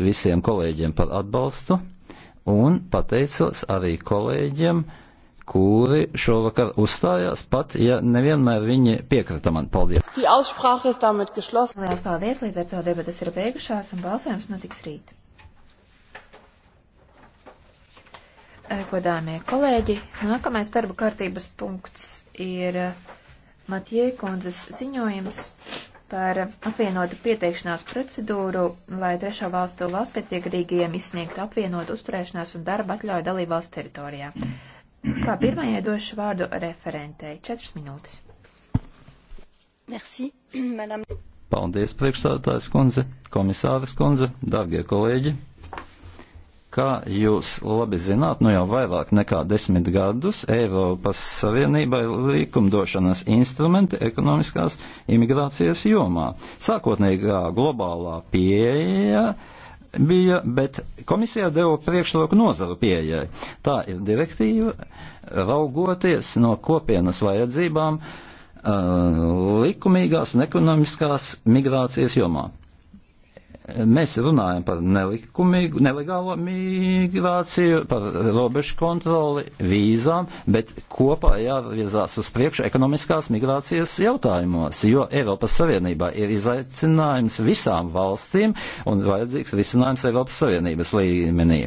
pateikt visiem kolēģiem par atbalstu un pateicos arī kolēģiem, kuri šovakar uzstājās, pat ja nevienmēr viņi piekrita man. Paldies! Lielas paldies! Līdz ar to debatas ir beigušās un balsojums notiks rīt. Eh, godāmie kolēģi, nākamais darba kārtības punkts ir eh, Matjē kundzes ziņojums par apvienotu pieteikšanās procedūru, lai trešo valstu valstspietiegrīgiem izsniegtu apvienotu uzturēšanās un darba atļauju dalībvalsts teritorijā. Kā pirmajai došu vārdu referentei. Četras minūtes. Merci, madame. Paldies, priekšstādātājs kundze, komisāras kundze, dārgie kolēģi. Kā jūs labi zināt, nu jau vairāk nekā desmit gadus Eiropas Savienībai likumdošanas instrumenti ekonomiskās imigrācijas jomā. Sākotnīgā globālā pieeja bija, bet komisija deva priekšroku nozaru pieejai. Tā ir direktīva raugoties no kopienas vajadzībām uh, likumīgās un ekonomiskās migrācijas jomā. Mēs runājam par nelikumīgu, nelegālo migrāciju, par robežu kontroli, vīzām, bet kopā jāvirzās uz priekšu ekonomiskās migrācijas jautājumos, jo Eiropas Savienībā ir izaicinājums visām valstīm un vajadzīgs risinājums Eiropas Savienības līmenī.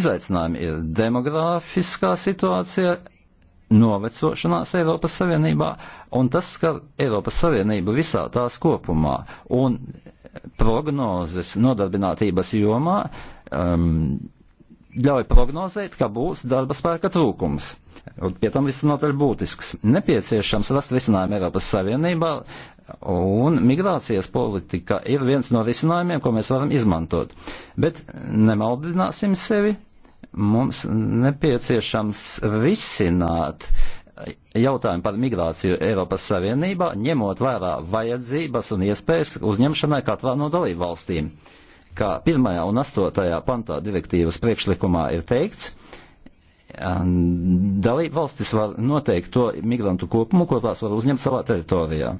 Izaicinājumi ir demogrāfiskā situācija, novecošanās Eiropas Savienībā, un tas skar Eiropas Savienību visā tās kopumā. Un prognozes nodarbinātības jomā um, ļauj prognozēt, ka būs darba spēka trūkums. Un pie tam visnotaļ būtisks. Nepieciešams rast risinājumu Eiropas Savienībā, un migrācijas politika ir viens no risinājumiem, ko mēs varam izmantot. Bet nemaldināsim sevi, mums nepieciešams risināt uh, jautājumu par migrāciju Eiropas Savienībā, ņemot vērā vajadzības un iespējas uzņemšanai katrā no dalību valstīm. Kā 1. un 8. pantā direktīvas priekšlikumā ir teikts, um, dalību valstis var noteikt to migrantu kopumu, ko tās var uzņemt savā teritorijā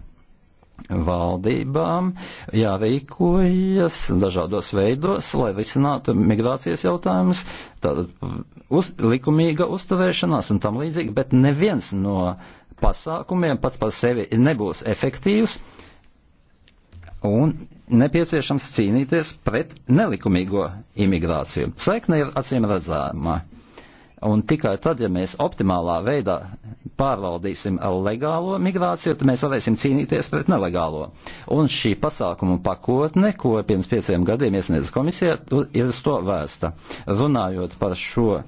valdībām jārīkojas dažādos veidos, lai risinātu migrācijas jautājumus, tātad uz, likumīga uzturēšanās un tam līdzīgi, bet neviens no pasākumiem pats par sevi nebūs efektīvs un nepieciešams cīnīties pret nelikumīgo imigrāciju. Saikne ir acīm redzāmā. Un tikai tad, ja mēs optimālā veidā pārvaldīsim legālo migrāciju, tad mēs varēsim cīnīties pret nelegālo. Un šī pasākuma pakotne, ko pirms pieciem gadiem iesniedz komisija, ir uz to vērsta. Runājot par šo uh,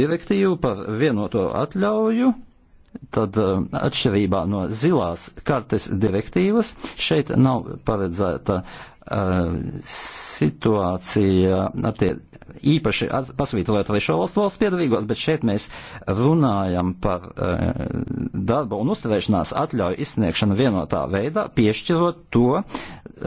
direktīvu par vienoto atļauju, tad uh, atšķirībā no zilās kartes direktīvas šeit nav paredzēta uh, situācija attiecībā īpaši pasvītrojot arī šo valstu valsts piedarīgos, bet šeit mēs runājam par uh, darba un uzturēšanās atļauju izsniegšanu vienotā veidā, piešķirot to eh,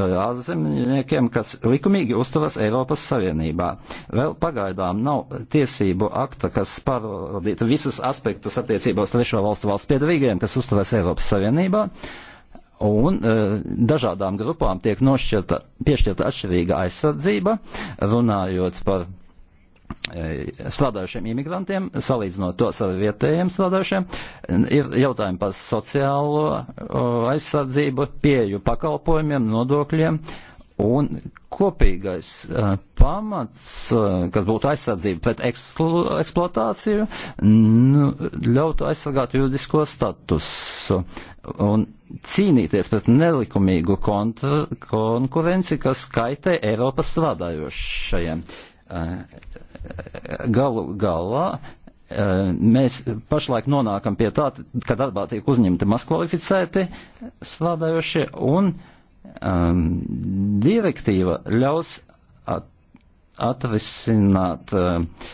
ārzemniekiem, uh, kas likumīgi uzturas Eiropas Savienībā. Vēl pagaidām nav tiesību akta, kas parodītu visus aspektus attiecībā uz trešo valstu valsts piedarīgajiem, kas uzturas Eiropas Savienībā. Uh, un e, dažādām grupām tiek nošķirta, piešķirta atšķirīga aizsardzība, runājot par e, strādājušiem imigrantiem, salīdzinot tos ar vietējiem strādājušiem, ir jautājumi par sociālo aizsardzību, pieju pakalpojumiem, nodokļiem. Un kopīgais uh, pamats, uh, kas būtu aizsardzība pret eksklu, eksploatāciju, nu, ļautu aizsargāt juridisko statusu. Un cīnīties pret nelikumīgu konkurenci, kas kaitē Eiropas strādājošajiem. Eh, galu galā eh, mēs pašlaik nonākam pie tā, ka darbā tiek uzņemti mazkvalificēti strādājošie, un um, direktīva ļaus at atrisināt um, eh,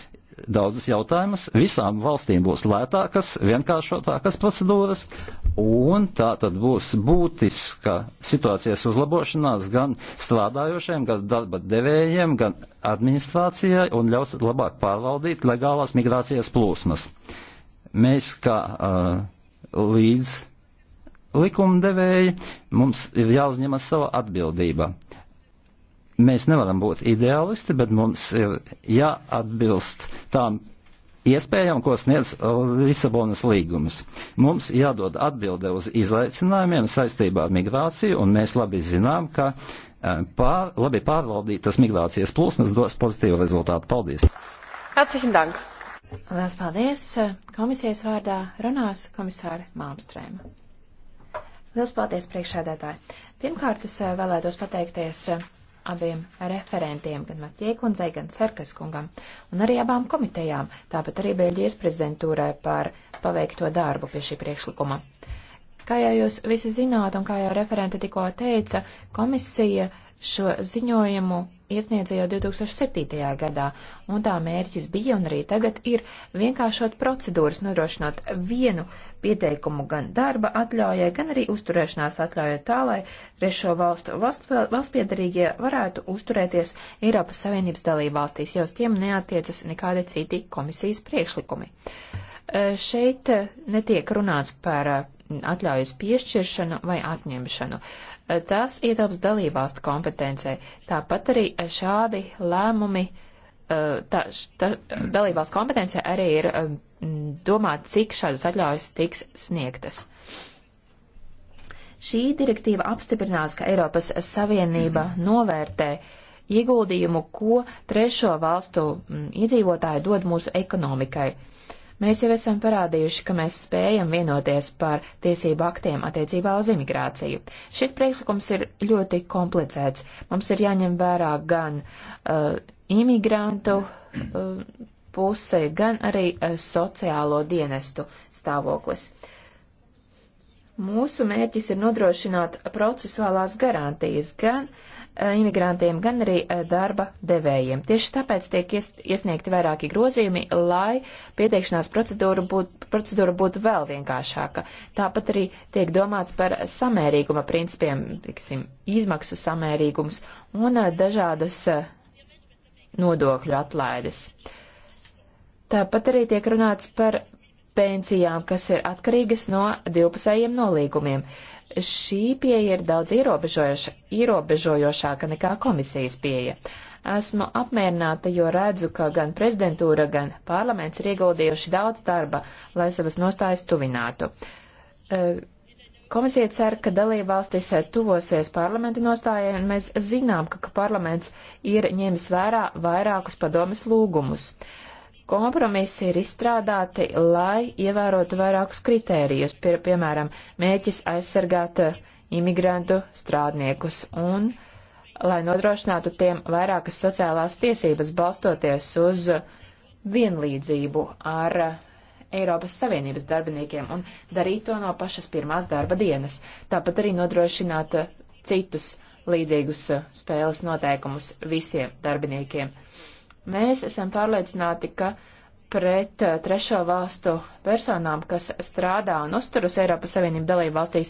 daudzas jautājumas. Visām valstīm būs lētākas, vienkāršotākas procedūras, un tā tad būs būtiska situācijas uzlabošanās gan strādājošiem, gan darba devējiem, gan administrācijai un ļaus labāk pārvaldīt legālās migrācijas plūsmas. Mēs kā uh, līdz likumdevēji mums ir jāuzņemas sava atbildība. Mēs nevaram būt ideālisti, bet mums ir jāatbilst tām iespējām, ko sniedz uh, Lisabonas līgums. Mums jādod atbilde uz izaicinājumiem saistībā ar migrāciju, un mēs labi zinām, ka uh, pār, labi pārvaldītas migrācijas plūsmas dos pozitīvu rezultātu. Paldies! Herzlichen Dank! Lielas paldies! Komisijas vārdā runās komisāra Malmstrēma. Lielas paldies priekšsēdētāji! Pirmkārt, es uh, vēlētos pateikties abiem referentiem, gan Matjē kundzei, gan Serkas kungam, un arī abām komitejām, tāpat arī Beļģijas prezidentūrai par paveikto darbu pie šī priekšlikuma. Kā jau jūs visi zināt un kā jau referente tikko teica, komisija uh, Šo ziņojumu iesniedza jau 2007. gadā, un tā mērķis bija un arī tagad ir vienkāršot procedūras, nodrošinot vienu pieteikumu gan darba atļaujai, gan arī uzturēšanās atļaujai tā, lai trešo valstu valstspiedarīgie varētu uzturēties Eiropas Savienības dalībvalstīs, jo uz tiem neatiecas nekādi citi komisijas priekšlikumi. E, šeit netiek runāts par atļaujas piešķiršanu vai atņemšanu tas ietilps dalībvalstu kompetencē. Tāpat arī šādi lēmumi, eh, tā, tā, dalībvalstu kompetencē arī ir eh, domāt, cik šādas atļaujas tiks sniegtas. Šī direktīva apstiprinās, ka Eiropas Savienība mm-hmm. novērtē ieguldījumu, ko trešo valstu iedzīvotāji dod mūsu ekonomikai. Uh, Mēs jau esam parādījuši, ka mēs spējam vienoties par tiesību aktiem attiecībā uz imigrāciju. Šis priekšlikums ir ļoti komplicēts. Mums ir jāņem vērā gan uh, imigrantu. Uh, pusē, gan arī uh, sociālo dienestu stāvoklis. Mūsu mērķis ir nodrošināt procesuālās garantijas gan uh, Eh, imigrantiem, gan arī eh, darba devējiem. Tieši tāpēc tiek ies, iesniegti vairāki grozījumi, lai pieteikšanās procedūra būtu, procedūra būtu vēl vienkāršāka. Tāpat arī tiek domāts par samērīguma principiem, tiksim, izmaksu samērīgums un eh, dažādas nodokļu atlaides. Tāpat arī tiek runāts par pensijām, kas ir atkarīgas no divpusējiem nolīgumiem. Uh, Šī pieeja ir daudz ierobežojoša, ierobežojošāka nekā komisijas pieeja. Esmu apmierināta, jo redzu, ka gan prezidentūra, gan parlaments ir ieguldījuši daudz darba, lai savas nostājas tuvinātu. E, komisija cer, ka dalībvalstis tuvosies parlamenta nostājai, un mēs zinām, ka, ka parlaments ir ņēmis vērā vairākus padomas lūgumus. Uh, Kompromisi ir izstrādāti, lai ievērotu vairākus kritērijus, pie, piemēram, mēķis aizsargāt eh, imigrantu strādniekus un lai nodrošinātu tiem vairākas sociālās tiesības balstoties uz vienlīdzību ar eh, Eiropas Savienības darbiniekiem un darīt to no pašas pirmās darba dienas. Tāpat arī nodrošināt eh, citus līdzīgus spēles noteikumus visiem darbiniekiem. Uh, Mēs esam pārliecināti, ka pret eh, trešo valstu personām, kas strādā un uzturas Eiropas Savienību dalību valstīs,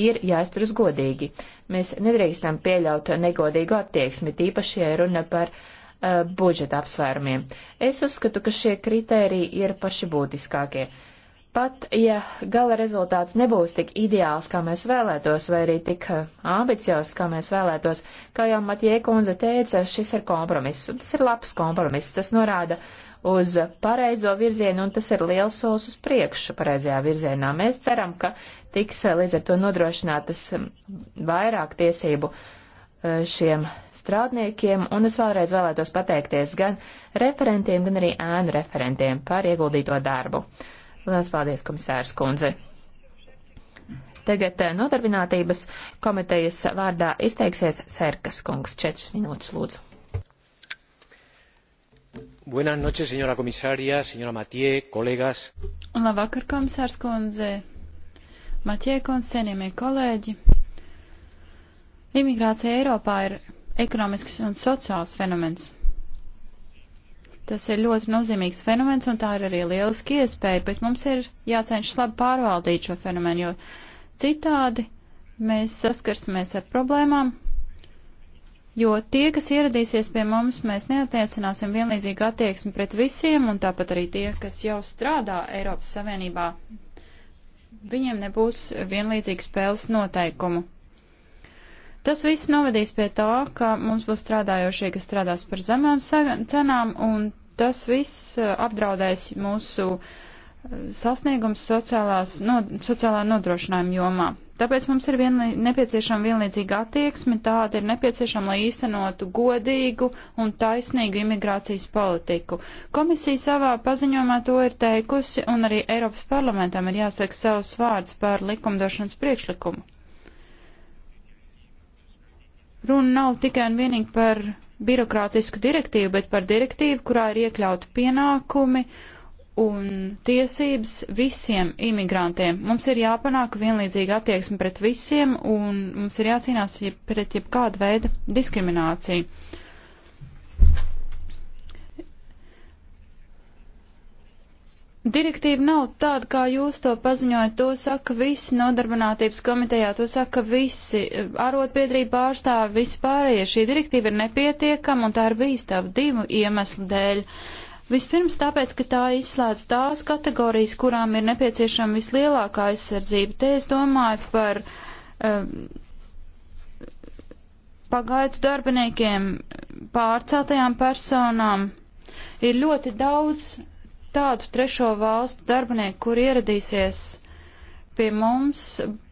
ir jāizturas godīgi. Mēs nedrīkstam pieļaut negodīgu attieksmi, tīpaši, ja runa par uh, budžeta apsvērumiem. Es uzskatu, ka šie kriteriji ir paši būtiskākie. Uh, Pat ja gala rezultāts nebūs tik ideāls, kā mēs vēlētos, vai arī tik eh, ambiciozs, kā mēs vēlētos, kā jau Matija Kunze teica, šis ir kompromiss, un tas ir labs kompromiss, tas norāda uz pareizo virzienu, un tas ir liels solis uz priekšu pareizajā virzienā. Mēs ceram, ka tiks eh, līdz ar to nodrošinātas vairāk tiesību eh, šiem strādniekiem, un es vēlreiz vēlētos pateikties gan referentiem, gan arī ēnu referentiem par ieguldīto darbu. Lielas paldies, komisārs Kundze. Tagad eh, nodarbinātības komitejas vārdā izteiksies Sērkas kungs. Četras minūtes, lūdzu. Buenas noches, señora komisārija, señora Matie, kolēgas. Labvakar, komisārs kundze. Matie kundze, cienījamie kolēģi. Imigrācija Eiropā ir ekonomisks un sociāls fenomens. Tas ir ļoti nozīmīgs fenomens, un tā ir arī lieliski iespēja, bet mums ir jācenšas labi pārvaldīt šo fenomenu, jo citādi mēs saskarsimies ar problēmām, jo tie, kas ieradīsies pie mums, mēs neatiecināsim vienlīdzīgu attieksmi pret visiem, un tāpat arī tie, kas jau strādā Eiropas Savienībā, viņiem nebūs vienlīdzīgu spēles noteikumu. Tas viss novedīs pie tā, ka mums būs strādājošie, kas strādās par zemām cenām, un tas viss uh, apdraudēs mūsu uh, sasniegums sociālās, no, sociālā nodrošinājuma jomā. Tāpēc mums ir vienlī, nepieciešama vienlīdzīga attieksme, tāda ir nepieciešama, lai īstenotu godīgu un taisnīgu imigrācijas politiku. Komisija savā paziņojumā to ir teikusi, un arī Eiropas parlamentam ir jāsaka savus vārdus par likumdošanas priekšlikumu. Runa nav tikai un vienīgi par birokrātisku direktīvu, bet par direktīvu, kurā ir iekļauti pienākumi un tiesības visiem imigrantiem. Mums ir jāpanāk vienlīdzīga attieksme pret visiem un mums ir jācīnās pret jebkādu veidu diskrimināciju. Direktīva nav tāda, kā jūs to paziņojat. To saka visi nodarbinātības komitejā, to saka visi eh, arotbiedrība pārstāvi, visi pārējie. Šī direktīva ir nepietiekama un tā ir bīstava divu iemeslu dēļ. Vispirms tāpēc, ka tā izslēdz tās kategorijas, kurām ir nepieciešama vislielākā aizsardzība. Te es domāju par um, pagaidu darbiniekiem, pārceltajām personām. Ir ļoti daudz tādu trešo valstu darbinieku, kur ieradīsies pie mums,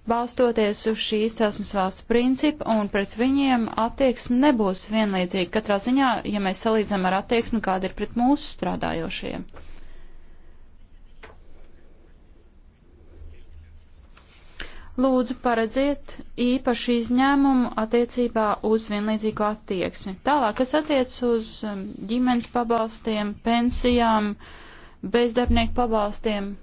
balstoties uz šī izcelsmes valsts principu, un pret viņiem attieksme nebūs vienlīdzīga. Katrā ziņā, ja mēs salīdzam ar attieksmi, kāda ir pret mūsu strādājošiem. Lūdzu, paredziet īpašu izņēmumu attiecībā uz vienlīdzīgu attieksmi. Tālāk, kas attiec uz um, ģimenes pabalstiem, pensijām, uh, bezdarbnieku pabalstiem.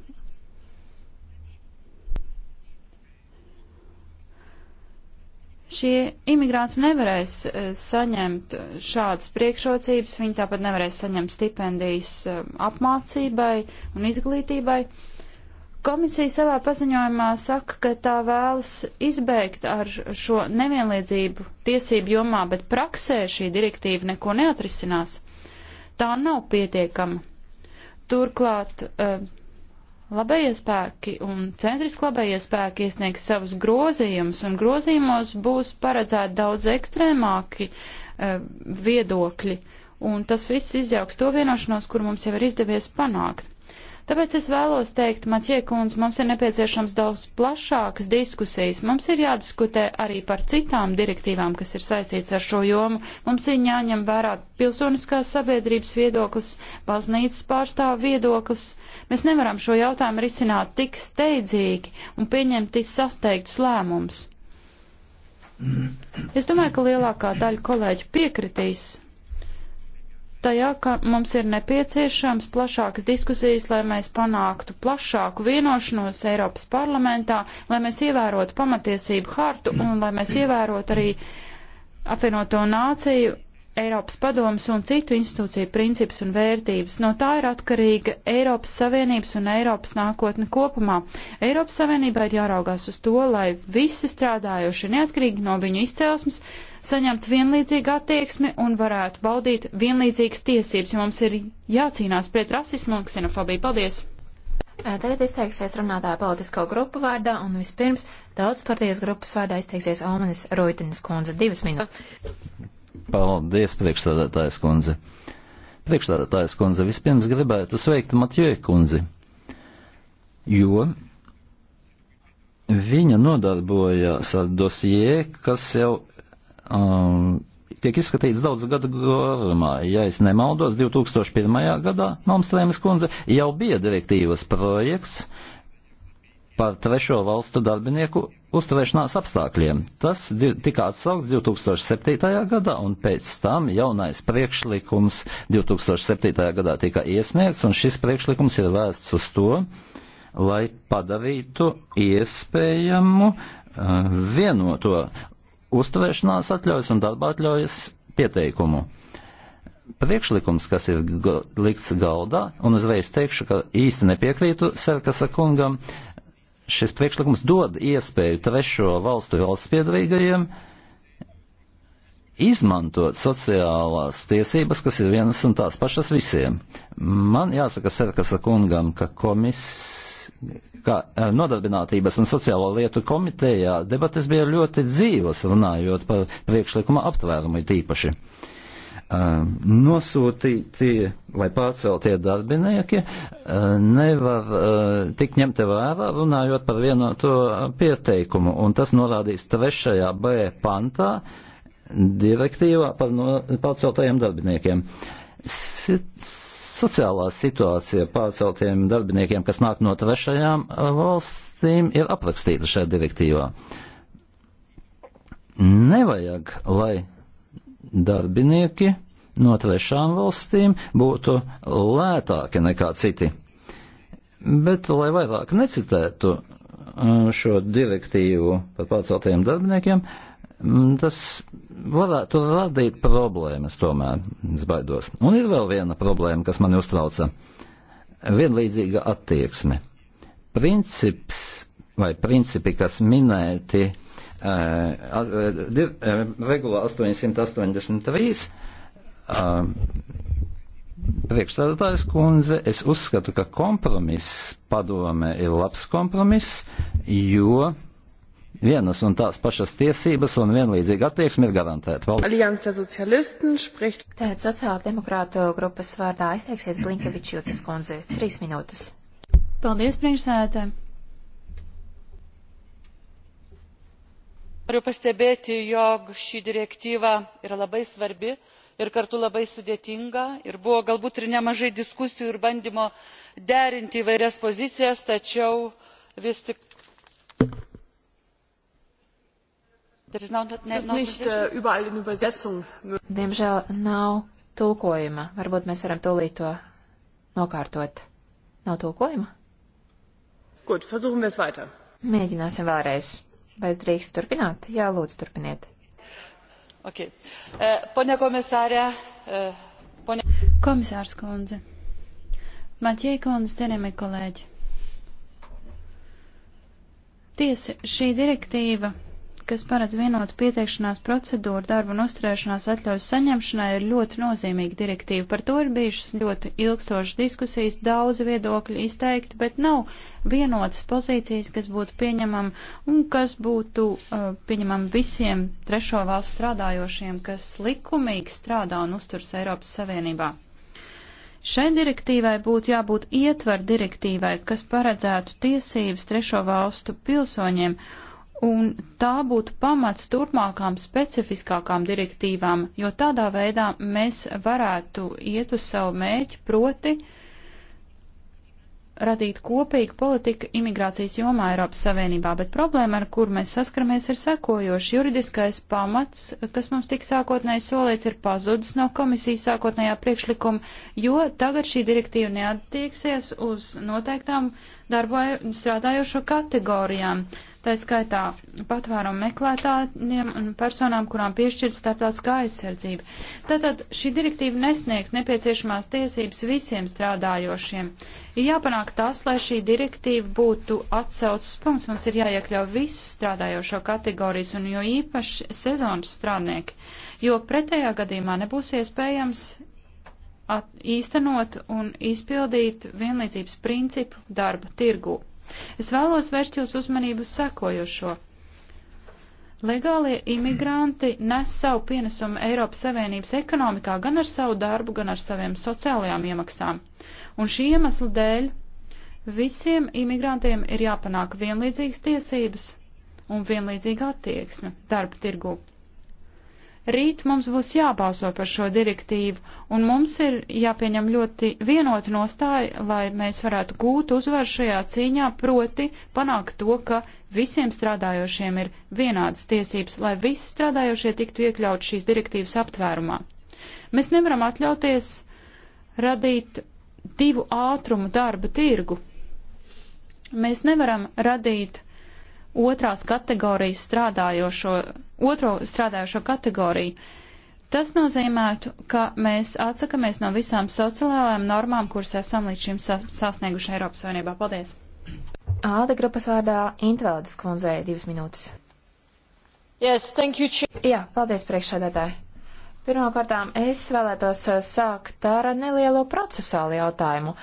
Šie imigranti nevarēs eh, saņemt šādas priekšrocības, viņi tāpat nevarēs saņemt stipendijas eh, apmācībai un izglītībai. Komisija savā paziņojumā saka, ka tā vēlas izbeigt ar šo nevienlīdzību tiesību jomā, bet praksē šī direktīva neko neatrisinās. Tā nav pietiekama. Turklāt eh, labējie spēki un centriski labējie spēki iesniegs savus grozījumus, un grozījumos būs paredzēti daudz ekstrēmāki eh, viedokļi, un tas viss izjauks to vienošanos, kur mums jau ir izdevies panākt. Tāpēc es vēlos teikt, Maķie kundze, mums ir nepieciešams daudz plašākas diskusijas. Mums ir jādiskutē arī par citām direktīvām, kas ir saistīts ar šo jomu. Mums ir jāņem vērā pilsoniskās sabiedrības viedoklis, baznīcas pārstāv viedoklis. Mēs nevaram šo jautājumu risināt tik steidzīgi un pieņemt tik sasteigtus lēmumus. Es domāju, ka lielākā daļa kolēģi piekritīs tajā, ka mums ir nepieciešams plašākas diskusijas, lai mēs panāktu plašāku vienošanos Eiropas parlamentā, lai mēs ievērotu pamatiesību hartu un lai mēs ievērotu arī apvienoto nāciju, Eiropas padomas un citu institūciju principus un vērtības. No tā ir atkarīga Eiropas Savienības un Eiropas nākotne kopumā. Eiropas Savienībā ir jāraugās uz to, lai visi strādājoši, neatkarīgi no viņu izcelsmes, saņemtu vienlīdzīgu attieksmi un varētu baudīt vienlīdzīgas tiesības, jo mums ir jācīnās pret rasismu un ksenofobiju. Paldies! Tagad izteiksies runātāja politisko grupu vārdā, un vispirms daudz partijas grupas vārdā izteiksies Omanis Roitinas kundze. Divas minūtes. Paldies, priekšstādātājs kundze. Priekšstādātājs kundze, vispirms gribētu sveikt Matjē kundzi, jo viņa nodarbojās ar dosijē, kas jau um, tiek izskatīts daudz gadu garumā. Ja es nemaldos, 2001. gadā Malmstrēmas kundze jau bija direktīvas projekts par trešo valstu darbinieku uzturēšanās apstākļiem. Tas tika atsaukts 2007. gadā, un pēc tam jaunais priekšlikums 2007. gadā tika iesniegts, un šis priekšlikums ir vērsts uz to, lai padarītu iespējamu uh, vienoto uzturēšanās atļaujas un darba atļaujas pieteikumu. Priekšlikums, kas ir likts galdā, un uzreiz teikšu, ka īsti nepiekrītu Serkasa kungam, šis priekšlikums dod iespēju trešo valstu valsts piedrīgajiem izmantot sociālās tiesības, kas ir vienas un tās pašas visiem. Man jāsaka Serkasa kungam, ka komisija ka eh, Nodarbinātības un sociālo lietu komitejā debates bija ļoti dzīvas, runājot par priekšlikuma aptvērumu tīpaši. Eh, nosūtītie vai pārceltie darbinieki eh, nevar tik ņemti vērā, runājot par vienoto pieteikumu, un tas norādīts trešajā B pantā direktīvā par no, pārceltajiem darbiniekiem. Uh, sociālā situācija pārceltiem darbiniekiem, kas nāk no trešajām eh, valstīm, ir aprakstīta šajā direktīvā. Nevajag, lai darbinieki no trešām valstīm būtu lētāki nekā citi. Bet, lai vairāk necitētu eh, šo direktīvu par pārceltajiem darbiniekiem, uh, Mm, tas varētu radīt problēmas tomēr, es baidos. Un ir vēl viena problēma, kas mani uztrauca - vienlīdzīga attieksme. Princips vai principi, kas minēti eh, eh div, eh, regulā 883, eh, priekšstādātājs kundze, es uzskatu, ka kompromiss padome ir labs kompromiss, jo vienas un tās pašas tiesības un vienlīdzīga attieksme ir garantēta. Paldies! Tātad sociāldemokrātu grupas vārdā izteiksies Blinkevičūtas kundze. Trīs minūtes. Paldies, priekšsēdētāji! Noriu pastebėti, jog ši direktyva yra labai svarbi ir kartu labai sudėtinga ir buvo galbūt ir nemažai diskusijų ir bandymo derinti įvairias pozicijas tačiau vis tik Tas nicht äh, überall in Übersetzung. Diemžēl nav tulkojuma. Varbūt mēs varam tūlīt to nokārtot. Nav tulkojuma? Gut, versuchen wir es weiter. Mēģināsim vēlreiz. Vai es drīkstu turpināt? Jā, lūdzu, turpiniet. Okay. Uh, poņa komisārā. Uh, poņa... Komisārs kundze. Maķie kundze, cienījamie kolēģi. Tiesa, šī direktīva kas paredz vienotu pieteikšanās procedūru darba un uzturēšanās atļaujas saņemšanai, ir ļoti nozīmīga direktīva. Par to ir bijušas ļoti ilgstošas diskusijas, daudzi viedokļi izteikti, bet nav vienotas pozīcijas, kas būtu pieņemama un kas būtu uh, pieņemama visiem trešo valstu strādājošiem, kas likumīgi strādā un uzturas Eiropas Savienībā. Šai direktīvai būtu jābūt ietver direktīvai, kas paredzētu tiesības trešo valstu pilsoņiem un tā būtu pamats turpmākām specifiskākām direktīvām, jo tādā veidā mēs varētu iet uz savu mērķi, proti radīt kopīgu politiku imigrācijas jomā Eiropas Savienībā, bet problēma, ar kur mēs saskaramies, ir sekojoši. Juridiskais pamats, kas mums tik sākotnēji solīts, ir pazudis no komisijas sākotnējā priekšlikuma, jo tagad šī direktīva neattieksies uz noteiktām darbo strādājošo kategorijām. Uh, tā skaitā patvērumu meklētājiem un personām, kurām piešķirta starptautiskā aizsardzība. Tātad šī direktīva nesniegs nepieciešamās tiesības visiem strādājošiem. Ir jāpanāk tas, lai šī direktīva būtu atsaucas punkts. Mums ir jāiekļau visas strādājošo kategorijas un jo īpaši sezonas strādnieki, jo pretējā gadījumā nebūs iespējams at, īstenot un izpildīt vienlīdzības principu darba tirgū. Es vēlos vērst jūs uzmanību sekojošo. Legālie imigranti nes savu pienesumu Eiropas Savienības ekonomikā gan ar savu darbu, gan ar saviem sociālajām iemaksām. Un šī iemesla dēļ visiem imigrantiem ir jāpanāk vienlīdzīgas tiesības un vienlīdzīga attieksme darba tirgū. Rīt mums būs jābalso par šo direktīvu, un mums ir jāpieņem ļoti vienota nostāja, lai mēs varētu gūt uzvaru šajā cīņā, proti panākt to, ka visiem strādājošiem ir vienādas tiesības, lai visi strādājošie tiktu iekļaut šīs direktīvas aptvērumā. Mēs nevaram atļauties radīt divu ātrumu darba tirgu. Mēs nevaram radīt otrās kategorijas strādājošo otro strādājošo kategoriju. Tas nozīmētu, ka mēs atsakamies no visām sociālajām normām, kuras esam līdz šim sasnieguši Eiropas Savienībā. Paldies! Āda grupas vārdā Intveldes kundzei divas minūtes. Yes, thank you, Jā, paldies priekšsēdētāji. Pirmkārtām, es vēlētos uh, sākt ar nelielo procesuālu jautājumu.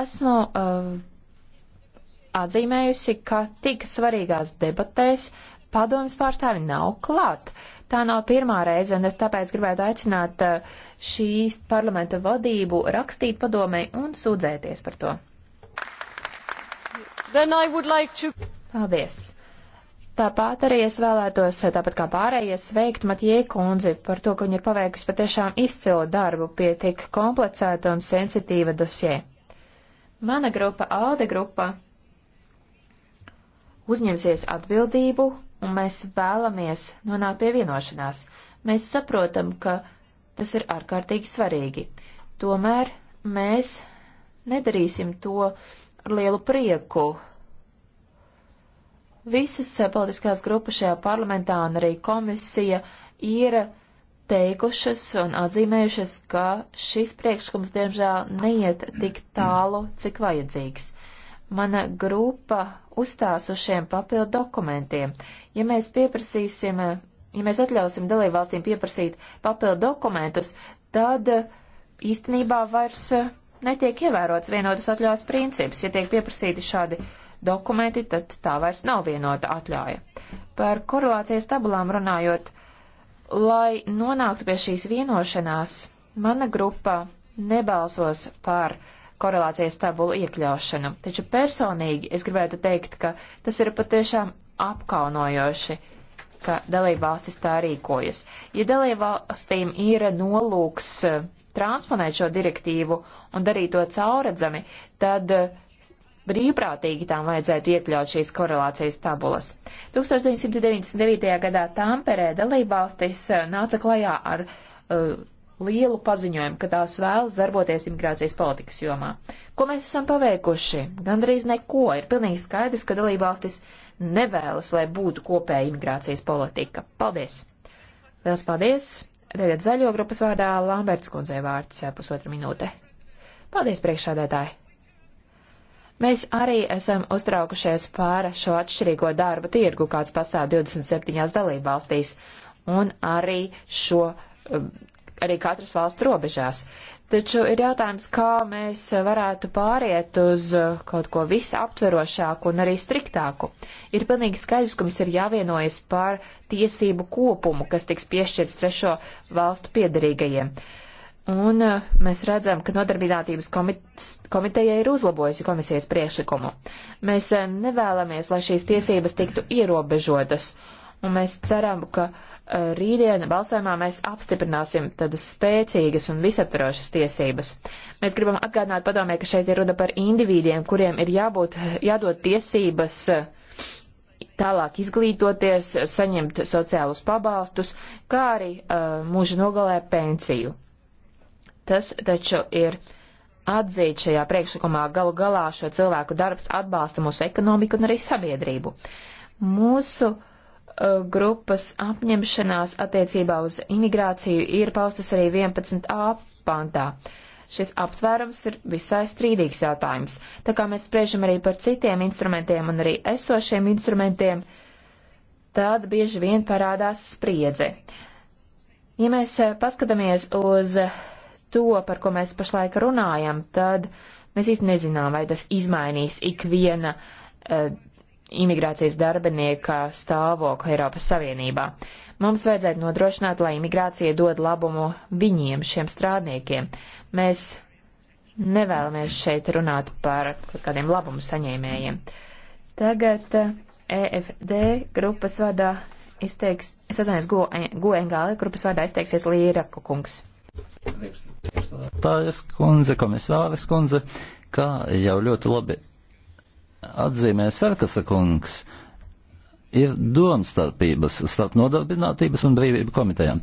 Esmu uh, atzīmējusi, ka tik svarīgās debatēs Padomas pārstāvi nav klāt. Tā nav pirmā reize, un es tāpēc gribētu aicināt eh, šīs parlamenta vadību rakstīt padomē un sūdzēties par to. Like to... Paldies! Tāpat arī es vēlētos, eh, tāpat kā pārējie, sveikt Matjē kundzi par to, ka viņa ir paveikusi patiešām izcilu darbu pie tik komplicēta un sensitīva dosjē. Mana grupa, ALDE grupa, uzņemsies atbildību un mēs vēlamies nonākt pie vienošanās. Mēs saprotam, ka tas ir ārkārtīgi svarīgi. Tomēr mēs nedarīsim to ar lielu prieku. Visas politiskās grupas šajā parlamentā un arī komisija ir teikušas un atzīmējušas, ka šis priekšlikums diemžēl neiet tik tālu, cik vajadzīgs mana grupa uzstās uz šiem papildu dokumentiem. Ja mēs pieprasīsim, ja mēs atļausim dalībvalstīm pieprasīt papildu dokumentus, tad eh, īstenībā vairs eh, netiek ievērots vienotas atļaujas princips. Ja tiek pieprasīti šādi dokumenti, tad tā vairs nav vienota atļauja. Par korelācijas tabulām runājot, lai nonāktu pie šīs vienošanās, mana grupa nebalsos par uh, korelācijas tabulu iekļaušanu. Taču personīgi es gribētu teikt, ka tas ir patiešām apkaunojoši, ka dalībvalstis tā rīkojas. Ja dalībvalstīm ir nolūks eh, transponēt šo direktīvu un darīt to cauredzami, tad eh, brīvprātīgi tām vajadzētu iekļaut šīs korelācijas tabulas. 1999. gadā Tāmperē dalībvalstis eh, nāca klajā ar uh, lielu paziņojumu, ka tās vēlas darboties imigrācijas politikas jomā. Ko mēs esam paveikuši? Gandrīz neko. Ir pilnīgi skaidrs, ka dalībvalstis nevēlas, lai būtu kopēja imigrācijas politika. Paldies! Lielas paldies! Tagad zaļo grupas vārdā Lamberts kundzei vārds eh, pusotra minūte. Paldies, priekšādētāji! Mēs arī esam uztraukušies pār šo atšķirīgo darba tirgu, kāds pastāv 27 dalībvalstīs, un arī šo eh, arī katras valsts robežās. Taču ir jautājums, kā mēs varētu pāriet uz kaut ko visaptverošāku un arī striktāku. Ir pilnīgi skaidrs, ka mums ir jāvienojas par tiesību kopumu, kas tiks piešķirts trešo valstu piedarīgajiem. Un eh, mēs redzam, ka nodarbinātības komiteja ir uzlabojusi komisijas priekšlikumu. Mēs eh, nevēlamies, lai šīs tiesības tiktu ierobežotas, un mēs ceram, ka uh, rītdien balsojumā mēs apstiprināsim tādas spēcīgas un visaptvarošas tiesības. Mēs gribam atgādināt padomē, ka šeit ir runa par individiem, kuriem ir jābūt, jādod tiesības tālāk izglītoties, saņemt sociālus pabalstus, kā arī uh, mūža nogalē pensiju. Tas taču ir atzīt šajā priekšlikumā galu galā šo cilvēku darbs atbalsta mūsu ekonomiku un arī sabiedrību. Mūsu uh, Uh, grupas apņemšanās attiecībā uz imigrāciju ir paustas arī 11a pantā. Šis aptvērums ir visai strīdīgs jautājums, tā kā mēs spriežam arī par citiem instrumentiem un arī esošiem instrumentiem, tad bieži vien parādās spriedze. Ja mēs uh, paskatāmies uz to, par ko mēs pašlaik runājam, tad mēs īsti nezinām, vai tas izmainīs ikviena uh, imigrācijas darbinieka stāvokli Eiropas Savienībā. Mums vajadzētu nodrošināt, lai imigrācija dod labumu viņiem, šiem strādniekiem. Mēs nevēlamies šeit runāt par kaut kādiem labumu saņēmējiem. Tagad EFD eh, e grupas vadā izteiks, es atvainojos, GUNGL grupas vadā izteiksies Līra Kukungs. Tā ir skundze, komisāris skundze, kā jau ļoti labi atzīmē Sarkasa kungs, ir domstarpības starp nodarbinātības un brīvību komitejām.